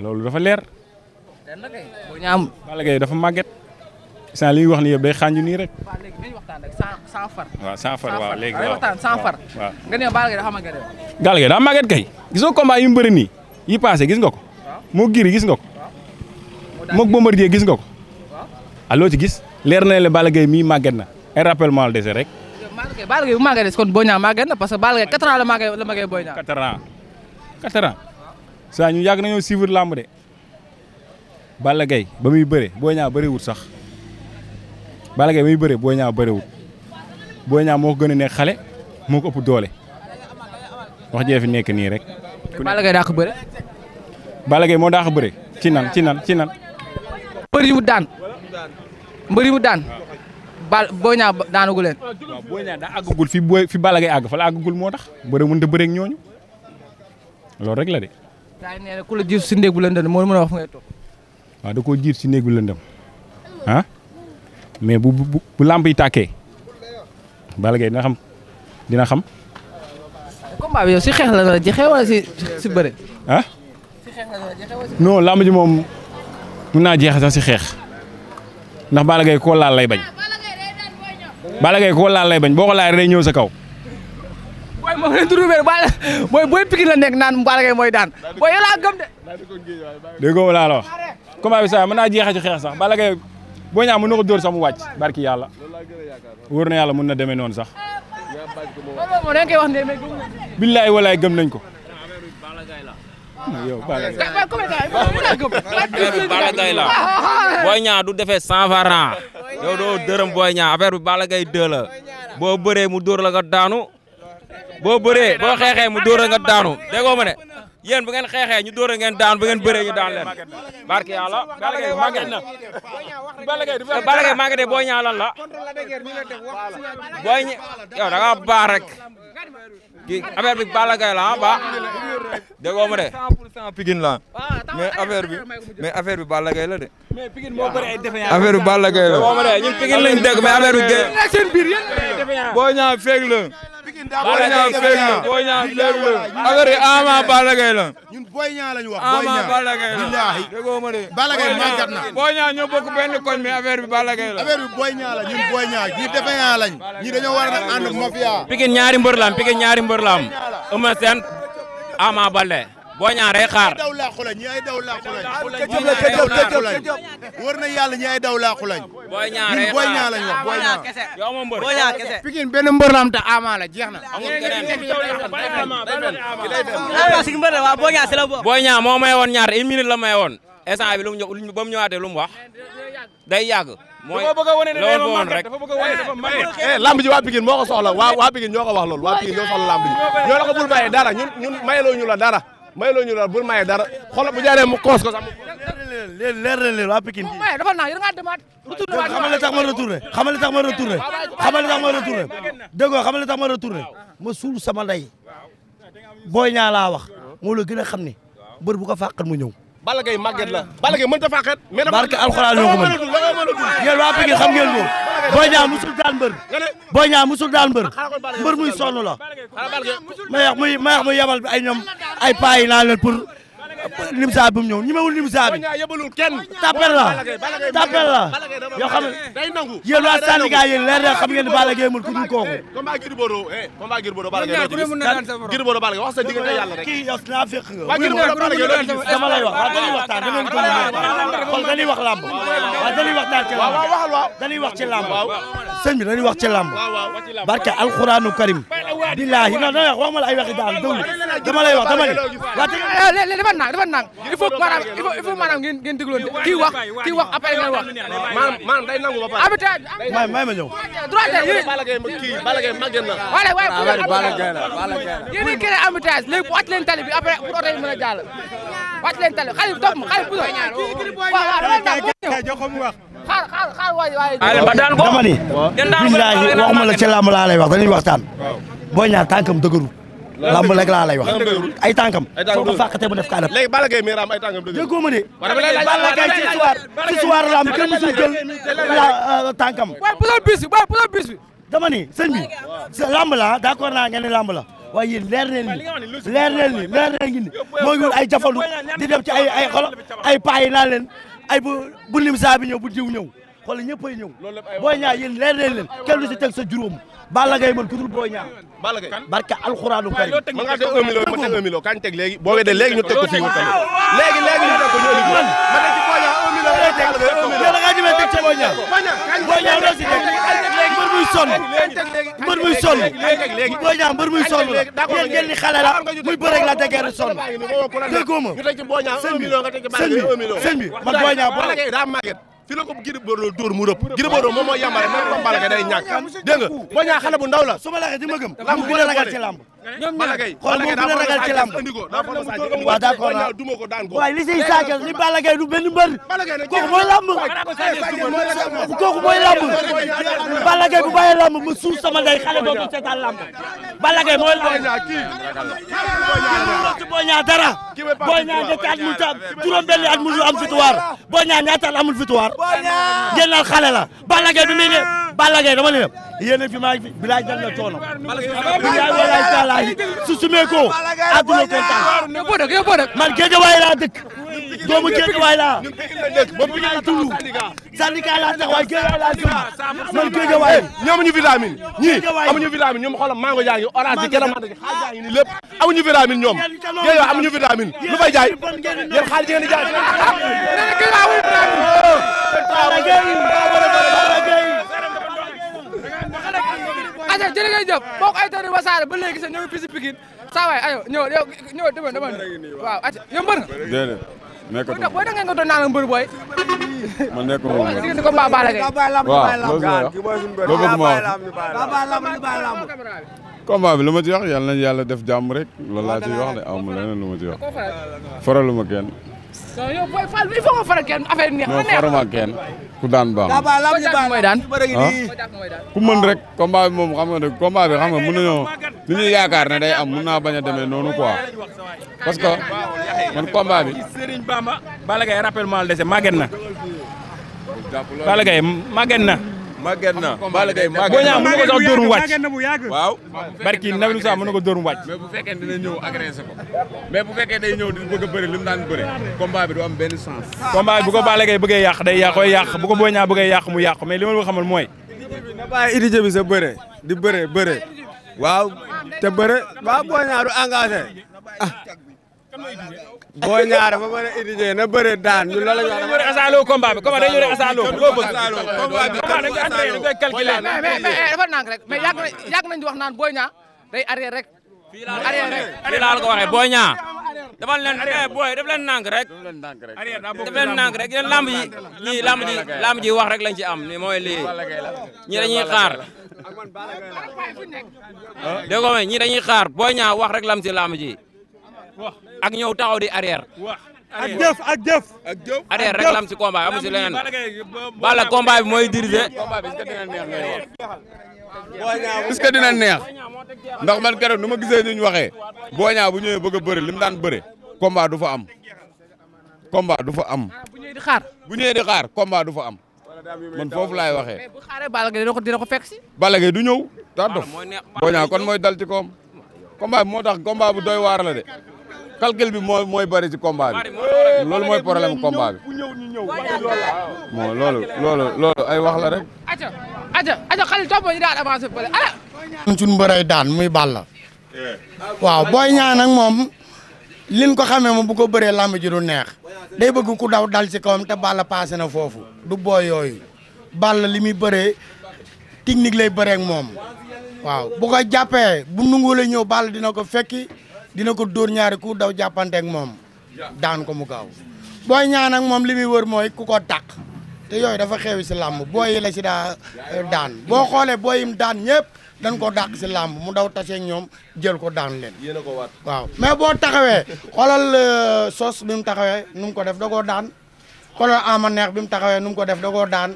loolu dafa leer màgget na kay. dafa màgget. sans li ñuy wax ni yëpp day xaanju nii rek. waaw léegi dañuy waxtaan rek sans sans far. waaw sans far waaw léegi waaw waxtaan sans dafa màgget yow. Balla Gaye daa màgget yu mu nii yi passé gis nga ko. moo giri gis nga ko. waaw moo Bombardier gis nga ko. waaw ah, ci gis leer na le Balla Gaye mii màgget na ay rappel mal dese rek. Balla Gaye bu na parce que Balla Gaye 4 ans la màggee la màggee Boy Niang. 4 ans 4 ans saa ñu yàgg nañoo suivre lamb de Balla ba muy bëre Boy Niang bëriwut sax Balla Gaye ba muy bëre Boy Niang bëriwut Boy Niang moo ko gën a nekk xale moo ko ëpp doole wax jee fi nekk nii rek. Balla Gaye daa ko bëre. Balla moo daa ko bëre ci nan ci nan ci nan. mbër yi mu daan mbër yi mu daan. Ba Boy Niang daanagu leen. waaw Boy daa àggagul fi Boy fi Balla Gaye àgg fa la moo tax bëre mënut a bëreeg ñooñu loolu rek la de. daa ne ku bu lëndëm moo mën waa da ko jiir si néegu lëndëm ah mais bu bu bu làmp yi tàkkee Balla Gaye dina xam dina xam. combat xeex la dara jeexee wala ci ci bëre. ah. ci xeex làmb ji moom mun naa jeex si xeex ndax Balla Gaye koo laal lay bañ. Balla Gaye koo laal lay bañ boo ko laal day ñëw sa kaw. booy moo nekk naan Balla mooy daan booy yow gëm de. combat bi saa mën naa jeexee ci xeex sax Balla Gaye boo ñaa mën ko dóor sax mu wàcc barki yàlla wóor na yàlla mën na demee noonu sax billaay walaay gëm nañ ko yow Balla Gaye la Boy Niang du defee cent vingt francs yow doo dërëm Boy Niang affaire bi Balla Gaye 2 la boo bëree mu dóor la nga daanu boo bëree boo xeexee mu la nga daanu déggoo ma yéen bu ngeen xeexee ñu dóor ngeen daan bu ngeen bëree ñu daan leen barke yàlla Balla Gaye màgget na te Balla Gaye màgget Boy Niang lan la Boy Niang yow da nga baax rek kii affaire bi Balla Gaye la ah ba déggoo ma de. 100% Pikine la mais affaire bi mais affaire bi Balla Gaye la de. mais Pikine moo bëri ay défaillance affaire bi Balla Gaye la. déggoo ma de ñun Pikine lañ dégg mais affaire bi. seen biir yéen Boy Niang feeg la. Balla Gaye fekk Boy Niang fekk affaire yi Ama Balla Gaye la. ñun Boy Niang lañu wax. Ama Balla Gaye la billaahi. déggoo ma de. Balla Gaye màggat na. Boy Niang ñoo bokk benn koñ mais affaire bi Balla Gaye la. affaire bi Boy Niang la ñun Boy Niang ñun defe naa lañ. ñii dañoo war a ànd mafia. Pikine ñaari mbër la am Pikine ñaari mbër la am. Eumeu Sène Ama Baldé. boo ñaaree xaar daw laaxu lañ ñi ay daw laaxu lañ këjëb la këjëb këjëb këjëb wër na yàlla ñi ay daw laaxu lañ booy ñaaree xaar booy ñaar lañ wax booy ñaar kese yow ma mbër booy ñaar kese Pikine benn mbër la am te Ama la jeex na amul keneen booy ñaar si la bokk booy ñaar moo may woon ñaar une minute la may woon instant bi lu mu ñëw ba mu ñëwaatee lu mu wax day yàgg mooy loolu woon rek eh, lamb ji waa Pikine moo ko soxla waa waa Pikine ñoo ko wax loolu waa Pikine ñoo soxla lamb ji ñoo la ko bul bàyyee dara ñun ñun mayloo ñu la dara may loo ñu daal bul maye dara xoolal bu jaaree mu koos ko sax mu. leer na leen leer waa Pikine bii. dafa naax na ngaa demaat. xamal la tax ma retourné xamal la tax ma retourné xamal la tax ma retourné dégg nga xamal la tax ma retourné sama ndey booy ñaa laa wax moo la gën a xam ne bër bu ko fàqal mu ñëw. Balla Gaye màgget la Balla Gaye mënut a fàqet. mais dafa barke alxuraan yoo ko mën yéen waa Pikine xam ngeen ko. Boy Niang musul daan mbër. Boy Niang musul daan mbër mbër muy sonn la. may muy yabal ay ñoom ay paa yi naa limsa bi mu ñëw ñemewul limsa bi tapel la tapel la yoo xam ne yéen waa syndicat yi leer na xam ngeen ne Balla Gaye kooku. kii yow naa wax waaw dañuy waxtaan dañu leen ko xool dañuy wax làmb waaw dañuy waxtaan ci ci làmb sëñ bi dañuy karim billahi non non waxuma la ay waxi daan dama lay dafa nang il faut maanaam il faut il faut maanaam ngeen ngeen dégloon kii wax kii wax après ngeen wax. maanaam maanaam day nangu ba pare. abitage may may ma ñëw. droit de yéen Balla Gaye kii Balla Gaye màgget na. wala waaye bu ah, dee Balla Gaye la Balla Gaye la. yéen a créé abitage léegi wàcc leen tali bi après pour oto yi mën a jàll. wàcc leen tali xale bi topp ma xale bu doon. waaw waaw dama ñëw wax. xaar xaar xaar waay waay. ba daan ko dama ni. billahi waxuma la ci làmb laa lay wax dañuy waxtaan. boo ñaar tànkam dëgëru lamb rek laa lay wax ay tànkam soo ko fàqatee mu def kaanam léegi Balla Gaye meram ay tànkam ma de Balla Gaye ci soir ci soir lamb kenn musul jël la euh, tànkam waaye posal bis bi waaye posal bis ni sëñ la d'accord la waaye yéen leer neen ni leer neen ni leer neen ni moo ngi wut ay jafalu di dem ci ay ay xolo ay ay bu lim saa ñëw bu diw ñëw xoolal ñëppay ñëw booy ñaa yéen leer nañ leen kenn du si teg sa juróom Balla Gaye man ku dul booy ñaa Balla Gaye barka alxuraanu karim ma nga teg 1 million ma teg 1 million kañ teg léegi boo wedee léegi ñu teg ko fii mu tane léegi léegi ñu teg ko ñu indi ma teg ci booy ñaa 1 million lay teg yow da ngaa ñëwee teg ci booy ñaa booy ñaa doo si teg mbër muy sonn mbër muy sonn booy ñaa mbër muy sonn la yéen ngeen di xale la muy bërek la degeer sonn déggoo ma sëñ bi sëñ bi sëñ bi man booy ñaa fi la ko Gris Bordeaux dóor mu rëpp Gris Bordeaux moom mooy yàmbale même Balla Gaye day ñàkk dégg nga bu ndaw la su ma di ma gëm bu la ragal ci ñoom ñaar xool moo gën a ragal ci lamb waaw d'accord waaye li siy Sa Thiès li Balla Gaye du benn mbër kooku mooy lamb kooku mooy lamb Balla Gaye bu bàyyee lamb ma suuf sama ndey xale dootul seetaan lamb Balla Gaye mooy lamb ci Boy Niang dara Boy Niang ñetti at mu tam juróom benn mu am victoire Boy Niang ñaata amul victoire ngeen naan xale la Balla Gaye bi muy ne Balla Gaye dama fi maa ngi fi bilaay jël na coono bilaay walaay taala waay su sumee ko àdduna kontaan man géejawaay laa dëkk doomu géejawaay laa ba bu ñu tullu syndicat laa tax waaye géejawaay laa jëm man géejawaay ñoom ñu vitamine ñii amuñu vitamine ñoom xoolal mango jaa ngi orange yi keroog xaalis jaa ngi nii lépp amuñu vitamine ñoom lu fay jaay yéen xaalis yi ngeen di jaay ayca jërë ngeen jëf mbokk ayca wasaare ba léegi sax ñoo ngi fii si Pikine saa waay ayo ñëw yow ñëw dama dama waaw ma booy da nga doon naan mbër booy. ma nekkul moom mooy. diggante combat Balla Gaye. waaw loolu la ma ci wax yàlla na yàlla def jàmm rek loolu laa ci wax de aw ma leneen lu ma ci wax faralu non yow booy Fall il faut nga faral kenn affaire neex na neex non faruma kenn ku daan baax na. mooy daan ku mën rek combat bi moom xam nga ne combat bi xam nga mën nañoo li ñuy yaakaar ne day am mën naa bañ a demee noonu quoi parce que man combat bi. Serigne Bamba. Balla Gaye rappelle-moi le décès màgget na. Balla Gaye màgget na. màgget na Balla Gaye màgget na mën na ko sax dóor mu wàcc waaw. barki nawet bi sax mën na ko dóor mu wàcc. mais bu fekkee dina ñëw agressé ko mais bu fekkee day ñëw di bëgg a bëri li mu daan bëri combat bi du am benn sens. combat bi bu ko Balla Gaye bëggee yàq day yàq koy yàq bu ko Boy Niang bëggee yàq mu yàq mais li ma la ko xamal mooy. na bàyyi Idi Diaby sa bëre di bëre bëre waaw te bëre waaw Boy Niang du engagé ah. boo ñaare ba mën a indi na bëre daan ñu loolu la ñu war a asaaloo combat bi combat dañu war a asaaloo loo bëgg combat bi dañ koy entraîné dañ koy calculé mais mais dafa nànk rek mais yàgg na yàgg nañ di wax naan booy ñaa day arrière rek arrière rek fii laa la ko waxee booy ñaa dafa leen eh booy daf leen nànk rek daf leen nànk rek yéen lamb ji lii lamb ji lamb ji wax rek lañ ci am ni mooy lii ñi dañuy xaar dégg nga ñi dañuy xaar booy ñaa wax rek lam ci lamb ji ak ñëw taxaw di arrière. ak jëf ak jëf. ak jëf arrière rek lam ci combat amu ci leneen. Balla mooy diriger. combat ndax nu ma gisee ñu waxee. booñaa bu ñëwee bëgg a bëri lim daan bëri. combat du fa am. combat du fa am. Ah, bu ñëwee di xaar. bu ñëwee di xaar combat du fa bu xaaree du ñëw. Ah, kon mooy dal ci koom. combat moo tax combat bu doy waar la de. calcul bi mooy mooy bëri ci combat bi loolu mooy problème combat bi bon loolu loolu ay wax la rek. aca aca aca xale topp ñu daal avancé fële ala. suñu mbëray daan muy Balla. waaw Boy Niang moom liñ ko xamee moom bu ko bare làmb ji du neex day bëgg ku daw dal ci kawam te Balla paase na foofu du booy yooyu Balla li muy bëree technique lay bëree ak moom waaw bu ko jàppee bu nungu la Balla dina ko fekki. dina ko dóor ñaari ku daw jàppanteeg moom daan ko mu gaaw booy ñaan ak moom li muy wër mooy ku ko dàq te yooyu dafa xewi si làmb booy yi si daa eh, daan boo xoolee booy yim daan ñëpp dañ ko dàq si làmb mu daw taseeg ñoom jël ko daan leen. ko waat waaw mais boo taxawee xoolal euh, sos bi mu taxawee nu mu ko def da koo daan xoolal ama neex bi mu taxawee nu mu ko def da daan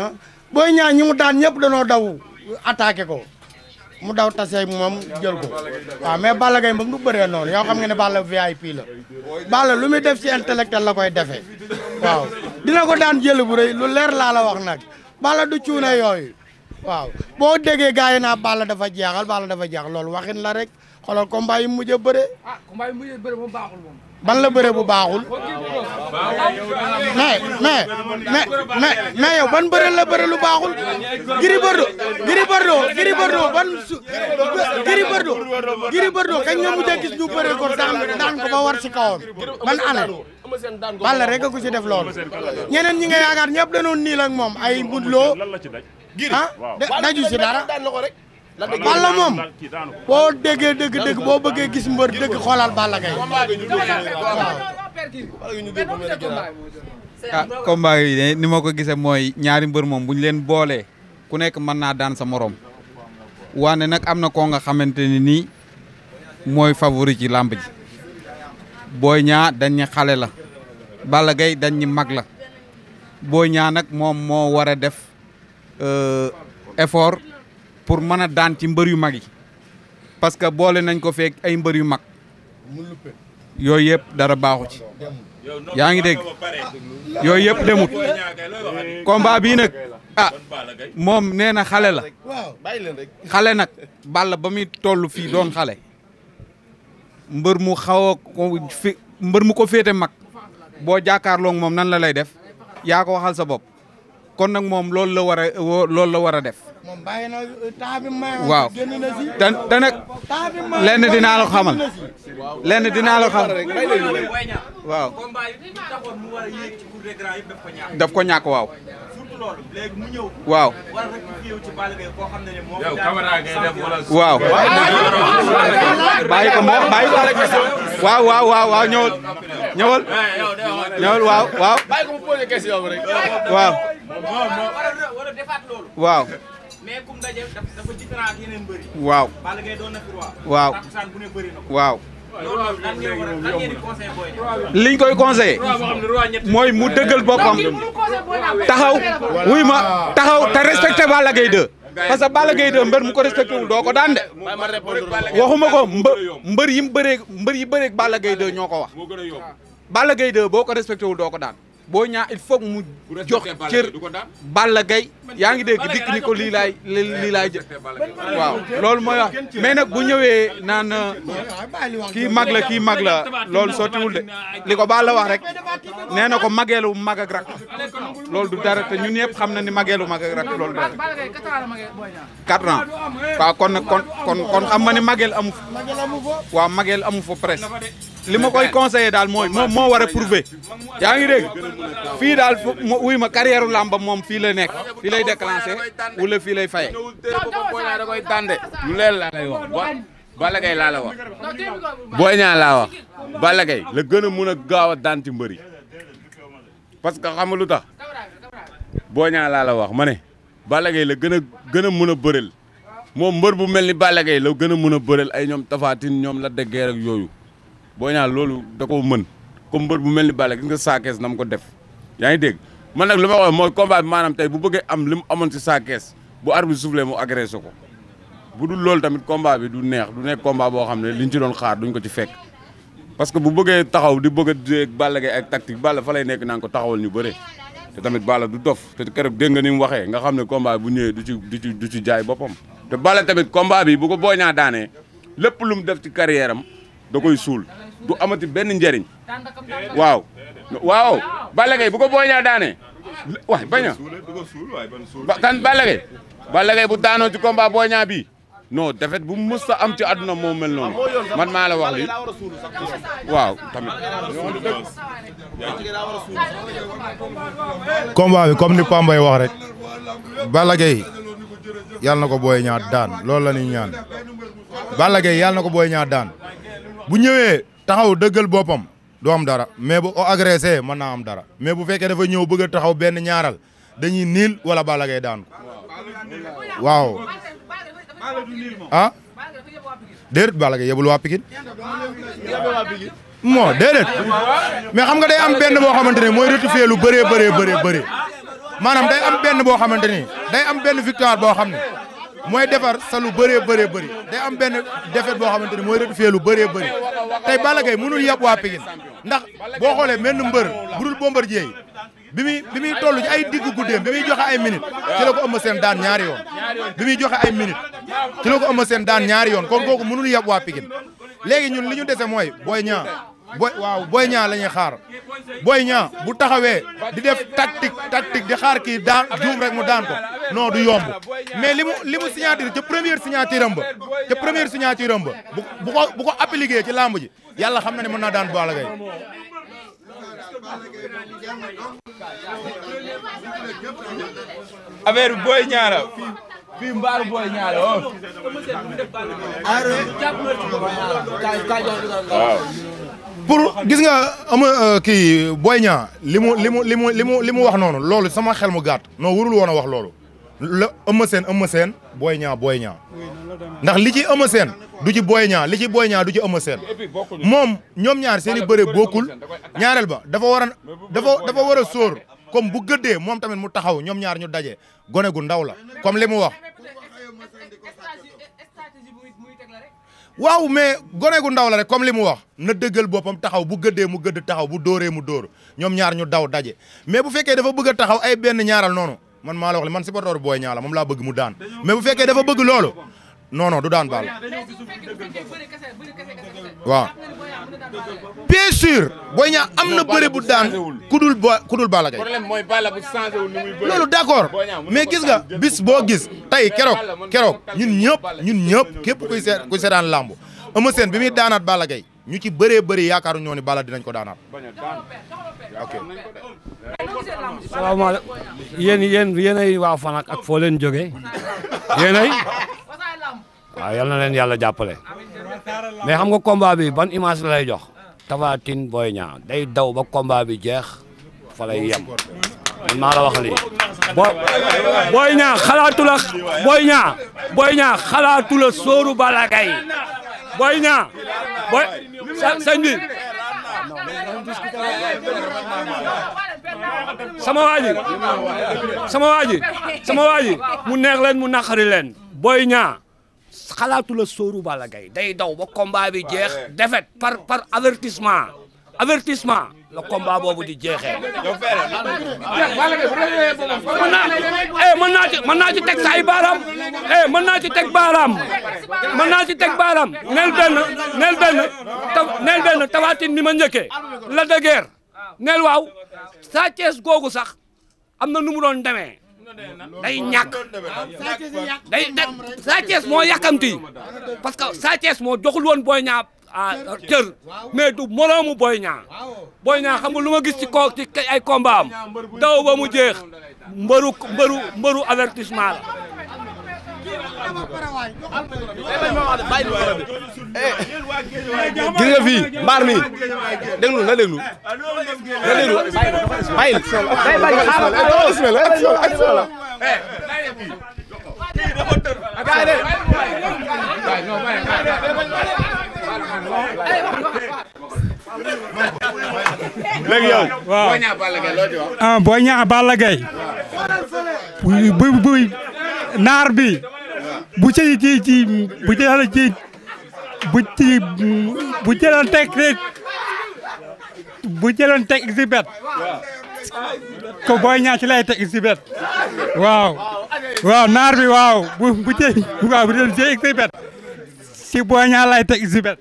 ah. booy ñaan ñi mu ñëpp danoo daw attaqué ko. mu daw tasee moom jël ko waaw mais Balla Gaye moom du bëree noonu yoo xam nga ne Balla VIP la Balla lu muy def ci intellectuel la koy defee waaw dina ko daan jël bu rëy lu leer laa la wax nag Balla du cuune yooyu waaw boo déggee gars yi naa Balla dafa jeexal Balla dafa jaax loolu waxin la rek xoolal combat yi mu mujj a bëre. ah combat yi mu mujj a bëre baaxul moom. ban la bëre bu baaxul. mais mais mais mais yow ban bëre la bëre lu baaxul. Gris Bordeaux Gris Bordeaux Gris Bordeaux ban su Gris Bordeaux Gris Bordeaux kañ nga mujj a gis ñu bëre ko daan daan ko ba war ci kawam ban année. Balla rek a ku ci def loolu. ñeneen ñi nga yaakaar ñëpp danoon niil ak moom ay budloo. ah daju ci dara. Balla moom boo déggee dëgg dëgg boo bëggee gis mbër dëgg xoolal Balla Gaye ah combat yi ni ma ko gisee mooy ñaari mbër moom bu ñu leen boolee ku nekk mën naa daan sa moroom waane nag am na koo nga xamante ne nii mooy favori ci làmb ji Boy Niang dañ xale la Balla Gaye dañ mag la Boy ñaa nag moom moo war a def euh, effort pour mën a daan ci mbër yu mag yi parce que boole nañ ko feek ay mbër yu mag yooyu yëpp dara baaxu ci yaa ngi dégg yooyu yëpp demut combat bii nag ah moom nee na xale la xale nag Balla ba muy toll fii doon xale mbër mu xaw a mbër mu ko féete mag boo jàkkaarloog moom nan la lay def yaa ko waxal sa bopp kon nag moom loolu la war a loolu la war a def. na temps bi waaw dan dan nag lenn dinaa la xamal. lenn dinaa la xamal daf ko ñàkk waaw. waaw. waaw. bàyyi ko moom waaw. waaw. waaw. mais kum daje dafa différent ak yeneen mbëri. waaw Balla Gaye doon na fi roi. waaw takusaan bu ne bëri na ko. waaw. liñ koy conseillé mooy mu dëggal boppam taxaw wuy ma taxaw te respecté Balla Gaye 2 parce que Balla Gaye 2 mbër mu ko respecté wul doo ko daan de waxuma ko mbë mbër yi mu bëree mbër yi bëree Balla Gaye 2 ñoo ko wax Balla Gaye 2 boo ko respecté wul doo ko daan boo ñaa il faut mu jox cër Balla Gaye yaa ngi dégg dikk ni ko lii laay lii laay jël waaw loolu mooy wax mais nag bu ñëwee naan kii mag la kii mag la loolu sottiwul de li ko la wax rek nee na ko mageelu mag ak loolu du dara te ñun ñëpp xam na ni mageelu mag ak rak loolu dara quatre ans waaw kon nag kon kon kon xam ma ne mageel amu fa waa mageel amu fa presque li ma koy conseillé daal mooy moom moo war a prouver yaa ngi dégg fii daal wuy ma carrière làmba moom fii la nekk fii lay déclenché wala fii lay faye da koy tànde lu laa wax Balla Gaye laa la wax Boy Niang wax Balla la gën a mun a gaaw a daan ci mbëri parce que xam nga lu tax Boy Niang laa la wax ma ne Balla Gaye la gën a gën a mun a bëril moo mbër bu mel ni Balla Gaye la gën a mun a bëril ay ñoom Tapha Tine ñoom la déggeer ak yooyu boo Niang loolu da koo mën comme mbër bu mel ni Balla gis nga Sa Thiès ko def yaa ngi dégg man nag li ma wax mooy combat bi maanaam tey bu bëggee am li mu amoon si Sa Thiès bu arbitre soufflé mu agressé ko bu dul loolu tamit combat bi du neex du nekk combat boo xam ne liñ ci doon xaar duñ ko ci fekk parce que bu bëggee taxaw di bëgg a dégg Balla Gaye ak tactique Balla fa lay nekk naa ko taxawal ñu bëre te tamit Balla du dof te keroog dégg nga ni mu waxee nga xam ne combat bu ñëwee du ci du ci du ci jaay boppam te Balla tamit combat bi bu ko Boy Niang lépp lu mu def ci carrière da koy suul du amati benn njariñ waaw waaw Balla Gaye bu ko Boy Niang daanee waay baña kan Balla Gaye bu daanoo ci combat Boy Niang bii non defet bu mës a am ci àdduna moom mel noonu man maa la wax li waaw tamit combat bi ni Pambay wax rek Balla na ko Boy Niang daan loolu la ñuy ñaan Balla Gaye na ko booy Niang daan bu ñëwee taxaw dëggal boppam du am dara mais bu o agressé am dara mais bu fekkee dafa ñëw bëgg a taxaw benn ñaaral dañuy niil wala Balla Gaye daan ko waaw ah déedéet Balla Gaye moo déedéet mais xam nga day am benn boo xamante ne mooy retouffé lu bëree bëree bëree bëree maanaam day am benn boo xamante ni day am benn victoire boo xam ne mooy defar sa lu bëree bëree bëri day am benn defet boo xamante ni mooy rëdd fee lu bëree bëri tey Balla Gaye mënul yàpp waa Pikine ndax boo xoolee menn mbër bu dul Bombardier bi muy bi muy toll ay diggu guddeem bi muy joxe ay minutes ci la ko ëmb seen daan ñaari yoon bi muy joxe ay minutes ci la ko ëmb seen daan ñaari yoon kon kooku mënul yàpp waa Pikine léegi ñun li ñu dese mooy Boy Niang booy waaw Boy Niang la ñuy xaar booy Niang bu taxawee di def tactique tactique di xaar kii daan juum rek mu daan ko non du yomb mais li mu li mu signature ca première signature am ba ca première signature am bu ko bu ko appliqué ci làmb ji yàlla xam na ne mën na daan Balla Gaye affaire Boy Niang la fii mbaaru pour gis nga am euh, kii Boy ñaa li mu li mu li mu li mu li mu wax noonu loolu sama xel mu gàtt non warul woon a wax loolu la Eumeu Sène Eumeu Boy Niang Boy Niang ndax li ci Eumeu Sène du ci Boy Niang li ci Boy Niang du ci Eumeu Sène moom ñoom ñaar seen i bëre bokkul ñaareel ba dafa war a dafa dafa war a sóor comme bu gëddee moom tamit mu taxaw ñoom ñaar ñu daje gone gu ndaw la comme li mu wax waaw mais gone gu ndaw la rek comme li mu wax na dëggal boppam taxaw bu gëddee mu gëdd taxaw bu dóoree mu dóor ñoom ñaar ñu daw daje mais bu fekkee dafa bëgg a taxaw ay benn ñaaral noonu man maa la wax man supporter Boy Niang la moom laa bëgg mu daan mais bu fekkee dafa bëgg loolu non du daan Balla. waaw. bien sûr. Boy Niang am na bëre bu daan ku dul bo ku dul Balla Gaye. problème mooy Balla bu changé mais gis nga bis boo gis tey keroog keroog ñun ñëpp ñun ñëpp képp kuy seet kuy seetaan làmb bi muy daanaat bala Gaye ñu ci bëree bëri yaakaaru ñoo ni bala dinañ ko daanaat. ok. salaamaaleykum yéen yéen yéenay waa Fanak ak foo leen jógee waaw yal na leen yàlla jàppale mais xam nga combat bi ban image la lay jox Tapha Tine Boy Niang day daw ba bi jeex fa lay yem man maa la wax lii boo Boy Niang xalaatu la Boy Niang Boy sama waa sama waa mu neex leen mu naqari leen Boy xalaatu la sóoru Balla day daw ba combat bi jeex eh. défaite par par avertissement avertissement la combat boobu di jeexee. yow feere nan eh, mën naa ci mën naa ci teg sa ay baaraam naa eh, ci teg baaraam mën naa ci teg baaraam nel benn nel benn ta nel benn tawaatin ni la de nel waaw saa googu sax am na nu mu doon demee day ñàkk day Sa moo yàkkamti parce que Sa moo joxul woon Boy Niang ah, cër mais du mu Boy Niang Boy Niang xam nga lu gis ci ko ci ay combat am daw ba mu jeex mbëru mbëru mbëru gis nga fii mbaar mi déglu na déglu na déglu bàyyi day bàyyi xaaral action la action la action la gaay léegi yow. waaw boo ñaax Balla Gaye ah, bu bu naar bi. bu ci ci ci bu ci yàlla ci bu ci bu jëloon teg rek ko booy ñaax ci lay teg si waaw. waaw naar bi waaw bu bu ci bu ci si bet. si booñaa lay teg si bet.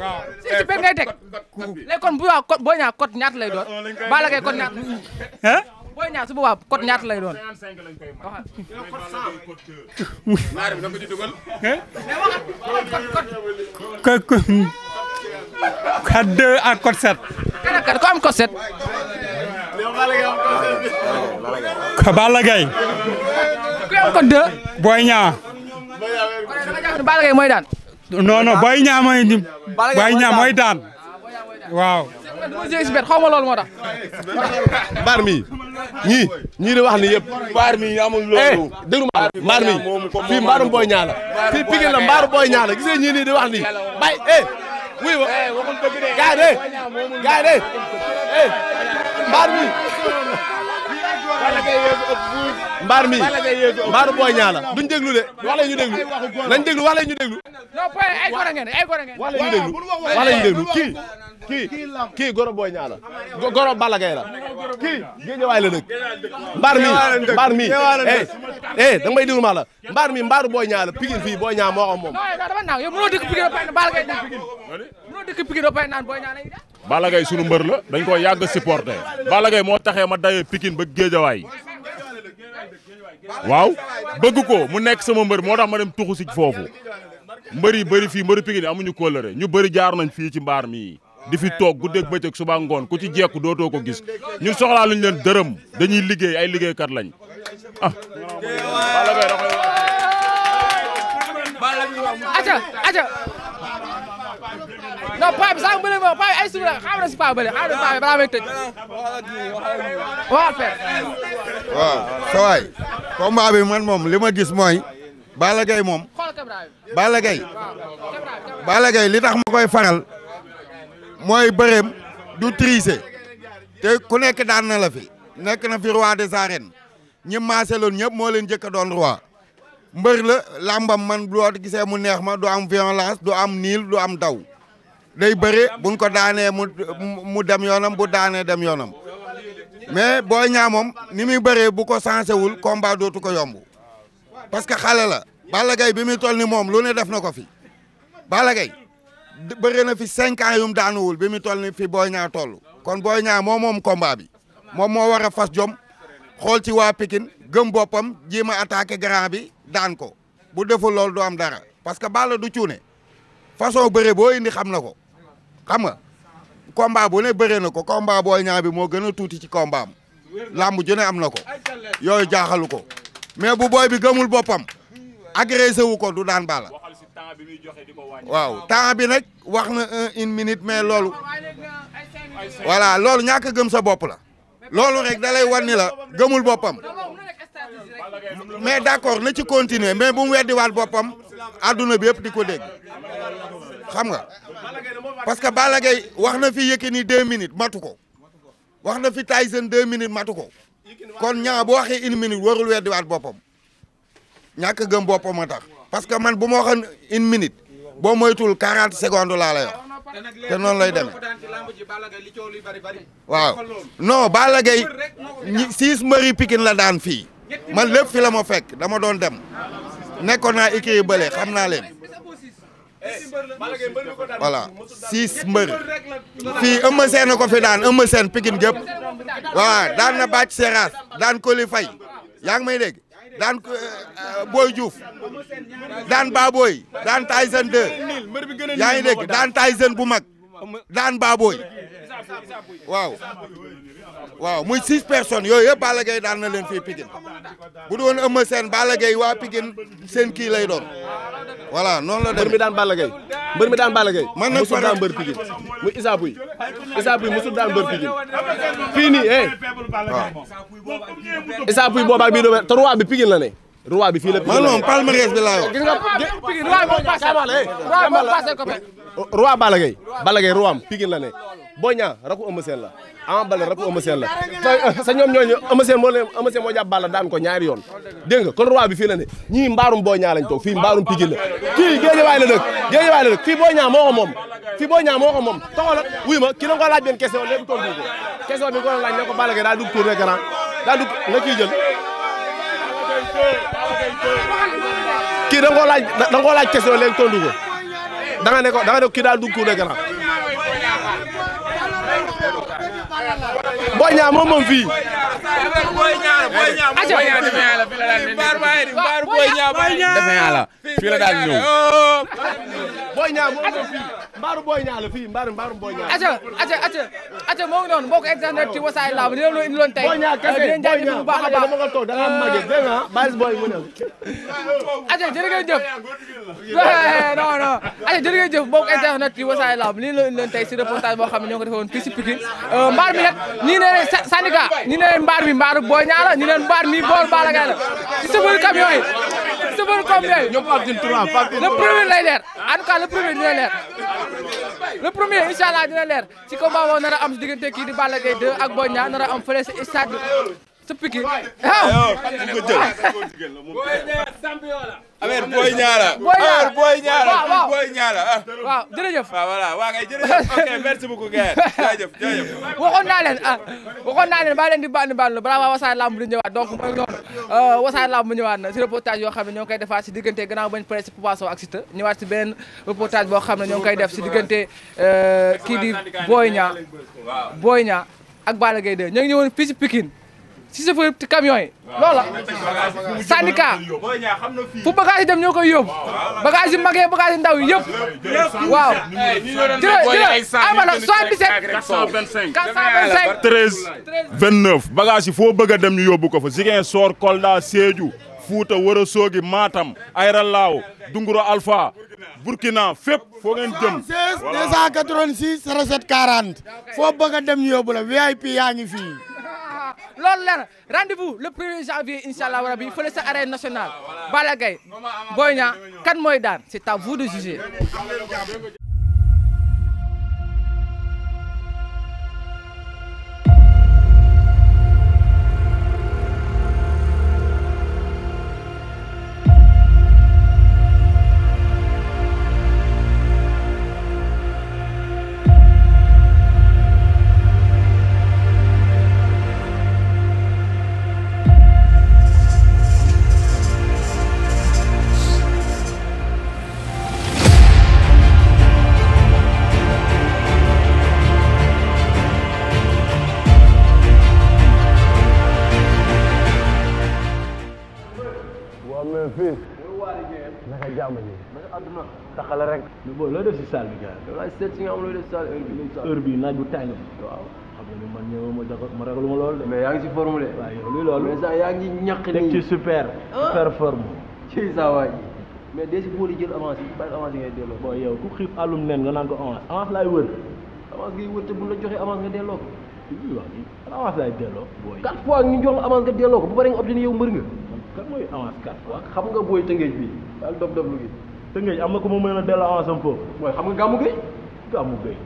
waaw si bu waa code booñaa ñaata lay doon. Oh, Balla Gaye code ñaata. ah booñaa lay doon. waxal. code code deux ak code sept. kan ko am code sept. ku am code deux. booñaa. Balla Gaye mooy non non Boy Niang mooy ñu Boy Niang mooy daan waaw. xaw ma loolu moo tax. mbaar mi ñii ñii di wax ni yëpp. mbaar mi amul loolu. Eh, déglu ma mbaar mi fii mbaarum Boy Niang la. fii Pikine la mbaaru Boy Niang la ñii nii di wax ni bay eh. wuy wa eh, gaay de eh, mi. mbaar mi mbaaru booy ñaala duñ la ñu déglu nañ déglu wax ñu déglu. non point ay goro ngeen ay goro ngeen. wax la ñu déglu wax la ñu kii kii goro booy ñaala goro Balla Gaye la kii géejewaay la dëkk. mbaar mi mbaar mi eh eh da nga may déglu maa mi mbaaru booy ñaala Pikine fii booy ñaa moo moom. non yow dama naaw yow mënoo dëkk Pikine ba Balla Gaye dëkk Pikine ba pare sunu mbër la dañ ko yàgg supporté Balla moo taxee ma dayee Pikine ba Géejawaay waaw bëgg ko mu nekk sama mbër moo tax ma dem tuxu si foofu mbër bari bëri fii mbëru Pikine amuñu kóllëre ñu bari jaar nañ fi ci mbaar mii di fi toog guddeeg bëccëg suba ku ci doo dootoo ko gis ñu soxlaa luñu leen dërëm dañuy liggéey ay liggéeykat lañ ah. Balla non paa bële ma paa bi ay suuf la xaaral si paa man moom li ma gis mooy. Balla Gaye moom. xool caméra li tax ma koy faral. mooy bëreem du tricher. te ku nekk daan na la fi. nekk na fi roi des arènes. ñi maaseloon ñëpp moo leen jëkk a doon roi. mbër la làmbam man loo gisee mu neex ma du am violence du am niil du am daw. day bëri buñ ko daanee mu mu dem yoonam bu daanee dem yoonam mais Boy Niang moom ni muy bëree bu ko sensé wul combat dootu ko yomb parce que xale la Balla Gaye bi muy toll ni moom lu ne def na ko fi Balla Gaye bëri na fi cinq ans yum daanuwul bi muy toll ni fi Boy Niang toll kon Boy Niang moo moom combat bi moom moo war a fas jom xool ci waa Pikine gëm boppam jéem a attaqué grand bi daan ko bu deful loolu du am dara parce que Balla du cuune façon bëre boo indi xam na ko xam nga combat bu ne bëree na ko combat booy ñaa bi moo gën a tuuti ci combat am làmb ju am na ko yooyu jaaxalu ko mais bu booy bi gëmul boppam agressé wu ko du daan bala waaw temps bi nag wax na un une minute mais loolu voilà loolu ñàkk a gëm sa bopp la loolu rek da lay wan la gëmul boppam mais d'accord na ci continuer mais bu mu weddiwaat boppam adduna bi yëpp di ko dégg xam nga parce que Balla Gaye wax na fi Yékini deux minutes matu ko wax na fi Tyson deux minutes matu ko kon ñaa bu waxee une minute warul weddi waat boppam ñàkk gëm boppam a tax parce que man bu ma waxoon une minute boo moytul quarante secondes laa lay te noonu lay demee waaw non Balla Gaye ñi six mbëri Pikine la daan fii man lépp fi la ma fekk dama doon dem nekkoon naa équipe bële xam naa leen voilà six mbër fii Eumeu Sène ko fi daan Eumeu Sène Pikine gépp waaw daan na Bathie Seras daan Coly Faye yaa ngi may dégg daan euh, euh, Boy Diouf daan Baboy daan Tyson 2 yaa ngi dégg daan Tyson bu mag daan Baboy waaw waaw muy six personnes yooyu yëpp Balla Gaye daan na fii Pikine bu doon Eumeu Sène Balla waa Pikine seen kii lay doon voilà noonu la demee mbër mi daan Balla Gaye mbër mi daan Balla man nag musul daan mbër Pikine muy Issa Pouye Issa Pouye daan mbër Pikine fii nii eh waaw Issa Pouye la ne roi bi fii la Pikine la non palmarès bi laa wax gis nga Pikine roi moo eh. la ne Boy Niang rakku Eumeu Sène la Ama Baldé rek Eumeu Sène la sa ñoom ñooñu Eumeu Sène moo leen daan ko ñaar yoon dégg nga kon roi bi fii ñii mbaarum Boy Niang lañ toog fii mbaarum Pikine la kii Guédiawaye la dëkk Guédiawaye la dëkk fii Boy Niang moo ko moom fii Boy Niang moo moom taxawal ki la ko laaj benn question léegi tontu ko question bi nga ko laaj ne ko Balla Gaye kii jël kii da nga koo laaj da nga koo laaj question léegi tontu ko da nga ne ko da nga ne ko kii daa Boy Niang moom moom fii. Boy Niang fii la daan ñëw. Boy Niang moom moom fii. mbaaru booy ñaa la fii mbaaru mbaaru booy ñaa acca acca acca acca moo ngi noonu mbokk internet ci wasaay laamu dina loo indi loon tey booy ñaa kese booy a baax dama ko toog da nga màgget dégg nga loon tey si reportage boo xam ne ñoo ko defoon fii si Pikine euh, mbaar mi nag ñii ne syndicat ñii ne mbaar mi mbaaru booy ñaa la ñii ne mbaar mi bool baala ngay la ci sëfër yi sëbër comme yooyu. ñoom partie trois partie le premier leer en tout dina leer. leer ci combat boo nar a am diggante kii di Balla Gaye 2 ak Boy Niang nar a am fële si sa piki. waaw affaire booy ñaara. affaire booy ñaara waaw booy ñaara ah. waaw jërëjëf. waaw ah, voilà waa kay jërëjëf ok merci beaucoup gars jaajëf jaajëf. waxoon naa leen ah waxoon naa leen baa leen di bànn bànn balaa waa Wassare Lamb di ñëwaat donc mooy noonu euh, Wassare Lamb ñëwaat na si reportage yoo xam ne ñoo ngi koy defaat si diggante gannaaw bañ pare si Papa Sow ak Siteu ñëwaat si beneen reportage boo xam ne ñoo ngi koy def si diggante euh, kii di Boy Niang Boy Niang ak Balla Gaye 2 ñoo ngi ñëwoon fii si Pikine si chauffeur camion yi. loolu la syndicat fu bagage yi dem ñoo koy yóbbu bagage yu mag yi bagage yu ndaw yi yëpp waaw. jërëjëf jërëjëf amala 77 425 13 29 bagage yi foo bëgg a dem ñu yóbbu ko fa Ziguinchor Kolda Sédhiou Fouta Wara Soogi Matam Aéré Lao Dunguro Alpha Burkina fépp foo ngeen jëm. 286 37 40 foo bëgg a dem ñu yóbbu la VIP yaa ngi fii. loolu leer rendez-vous le premier janvier incha allah rabi fële sa arène nationale Balla Gaye Boy Niang kan mooy c'est à vous de juger. saxal rek. mais booy loo si salle bi nga xam looy def salle heure heure bii naaj bu tàng. waaw xam nga ni man ma jox mais yaa ngi si formule. waaw yow luy loolu. mais sax yaa ngi ñàkk nii oh. mais dee si booli jël avance yi bàyyi avance yi ngay delloo. bon naan ko avance avance la joxee avance nga delloo ko. lii wax nii avance laay delloo. booy quatre fois delloo ko bu paree nga obtenir yow mbër nga. kan mooy avance quatre fois. xam nga booy tëngeej bi daal dob dob lu Tëngéej am na ku ma mën a dellu avance am foofu. mooy xam nga Gamou Gueye. Gamou Gueye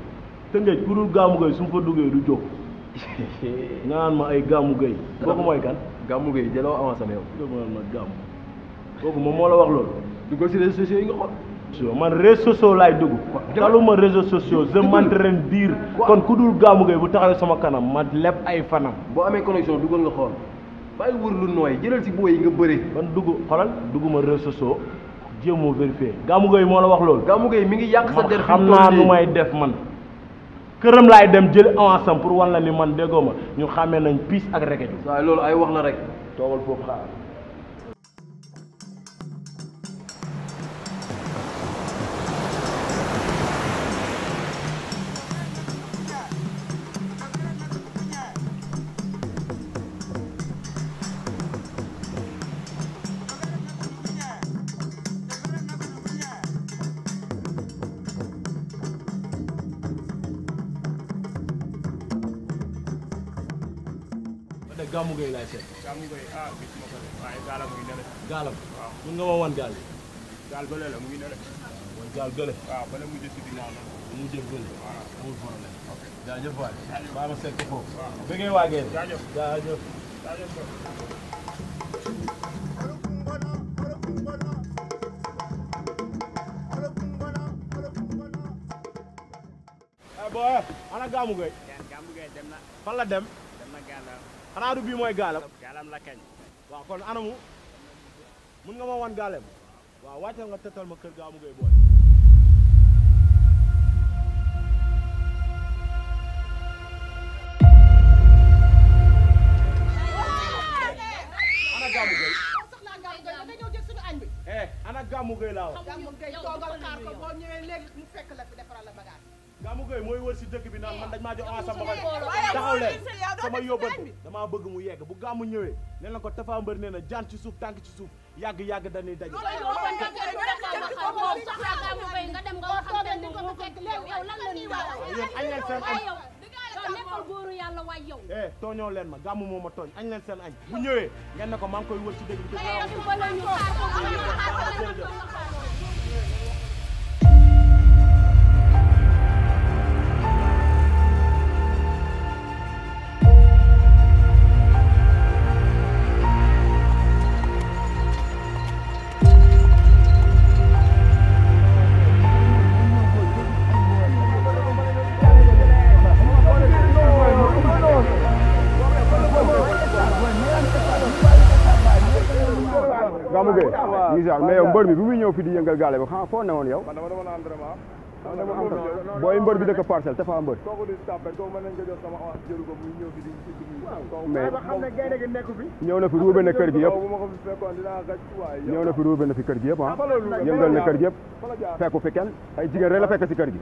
Tëngéej ku dul Gamou Gueye su ma fa duggee du jóg. nga naan ma ay Gamou Gueye. kooku mooy gan Gamou Gueye delloo avance am yow. kooku moom moo la wax loolu. duggal si réseaux sociaux yi nga xool. man réseaux sociaux laay dugg. taluma réseaux sociaux je m'entraîne dire. kon ku dul Gamou Gueye bu taxawee sama kanam ma leb ay fanam. boo amee connexion duggal nga xool. bàyyi wër lu nooy jëlal si booy yi nga bëri. man dugg xoolal dugguma réseaux sociaux jéem a vérifier Gamou Gueye moo la wax loolu. Gamou Gueye mi ngi yàq sa der xam naa nu may def man. këram laay dem jël avance pour wan la ni man déggoo ma ñu xàmmee nañ piis ak rekeju. waaw loolu ay wax la rek. toogal foofu xam nga koy ah gis ma ko waaye gaalam mu ngi ne la. gaalam waaw mun nga ma wan gaal bi. gaal bële la mu ngi ne la. mooy gaal gële. waaw bële mu jëm si ginnaaw la. mu jëm gële. waaw amul problème. ok jaajëf waay. jaajëf maa ma seet ko foofu. waaw bëggee waa Guèye. jaajëf jaajëf. jaajëf. Ah, boy ana Gamou Gueye. Gamou Gueye dem na. fan la dem. xanaa du bii mooy gaalam. gaalam la kañ. waaw kon anamu mun nga ma wan gaalem waaw wàccal nga tëtal ma kër gaamu ngay boole. ana eh, ana gaamu gay laa Gamou Gueye mooy wër si dëkk bi naan man dañ ma jox ensemble ba pare taxaw leen sama yóbbante damaa bëgg mu yegg bu Gamou ñëwee nee na ko Tapha Mbeur nee na jaan ci suuf tànk ci suuf yàgg yàgg dañuy daje. yéen añ leen seen añ. Eh, tooñoo leen ma Gamou moo ma tooñ añ leen seen añ bu ñëwee ngeen ko maa ngi koy wër si dëkk bi. Isaan mais yow mbër mi bi muy ñëw fi di yëngal gaale bi xam foo newoon yow booy mbër bi dëkk parcelle te fa mbër mais ñëw na fi ruube na kër gi yëpp ñëw na fi ruube na fi kër gi yëpp ah, ah yëngal na kër gi yëpp fekku fi kenn ay jigéen rek la fekk si kër gi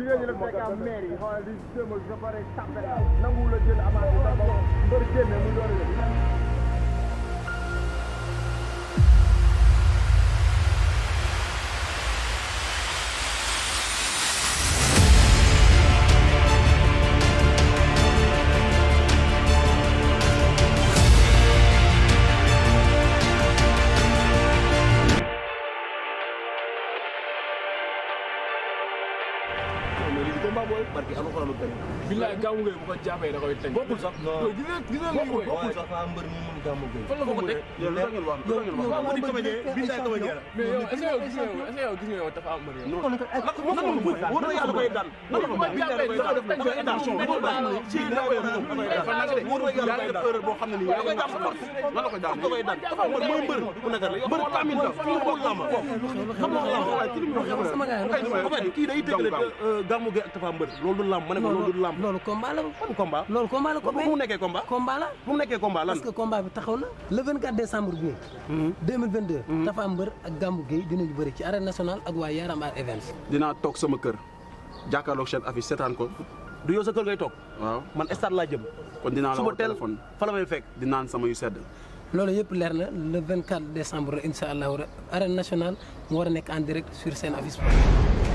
जाऊ गए ko jàppee da koy teg. bokkul sax non gis nga gis nga lii mooy bokkul sax waaw mbër mu mën gàmmu gën. fan la ko ko teg yow la ngeen wax yow la ngeen wax waaw di ko bëggee bi ndax ko bëggee la. mais yow est-ce que yow gis nga yow est-ce que yow gis nga yow dafa am mbër yow. non non non non war na yàlla koy daan. non non non yàlla koy daan dafa def attention war na yàlla ci la koy daan war na yàlla def erreur boo xam ne nii yàlla koy daan force lan la koy daan da koy daan mbër mooy mbër bu nekk la mbër tamit la fi mu lama xam nga lama waaye ci li mu wax sama gaay kii day tëggale gàmmu gën ak tafa mbër loolu du lam ma ne ko loolu du lam loolu combat la ban combat. loolu combat la combat bu mu nekkee combat. combat la bu mu nekkee combat lan. parce que combat bi taxaw na. le 24 décembre bii. Mhm. 2022. Mhm. Tapha Mbeur ak Gamou Gueye dinañu bëri ci arène nationale ak waa Yaram Art Events. dinaa toog sama kër jàkkaarloog seen affiche seetaan ko. du yow sa kër ngay toog. waaw man stade laa jëm. kon dinaa la woo téléphone suba teel fa la may fekk. dinaan sama yu sedd. loolu yëpp leer na le 24 décembre incha allah arène nationale mu war a nekk en direct sur seen affiche.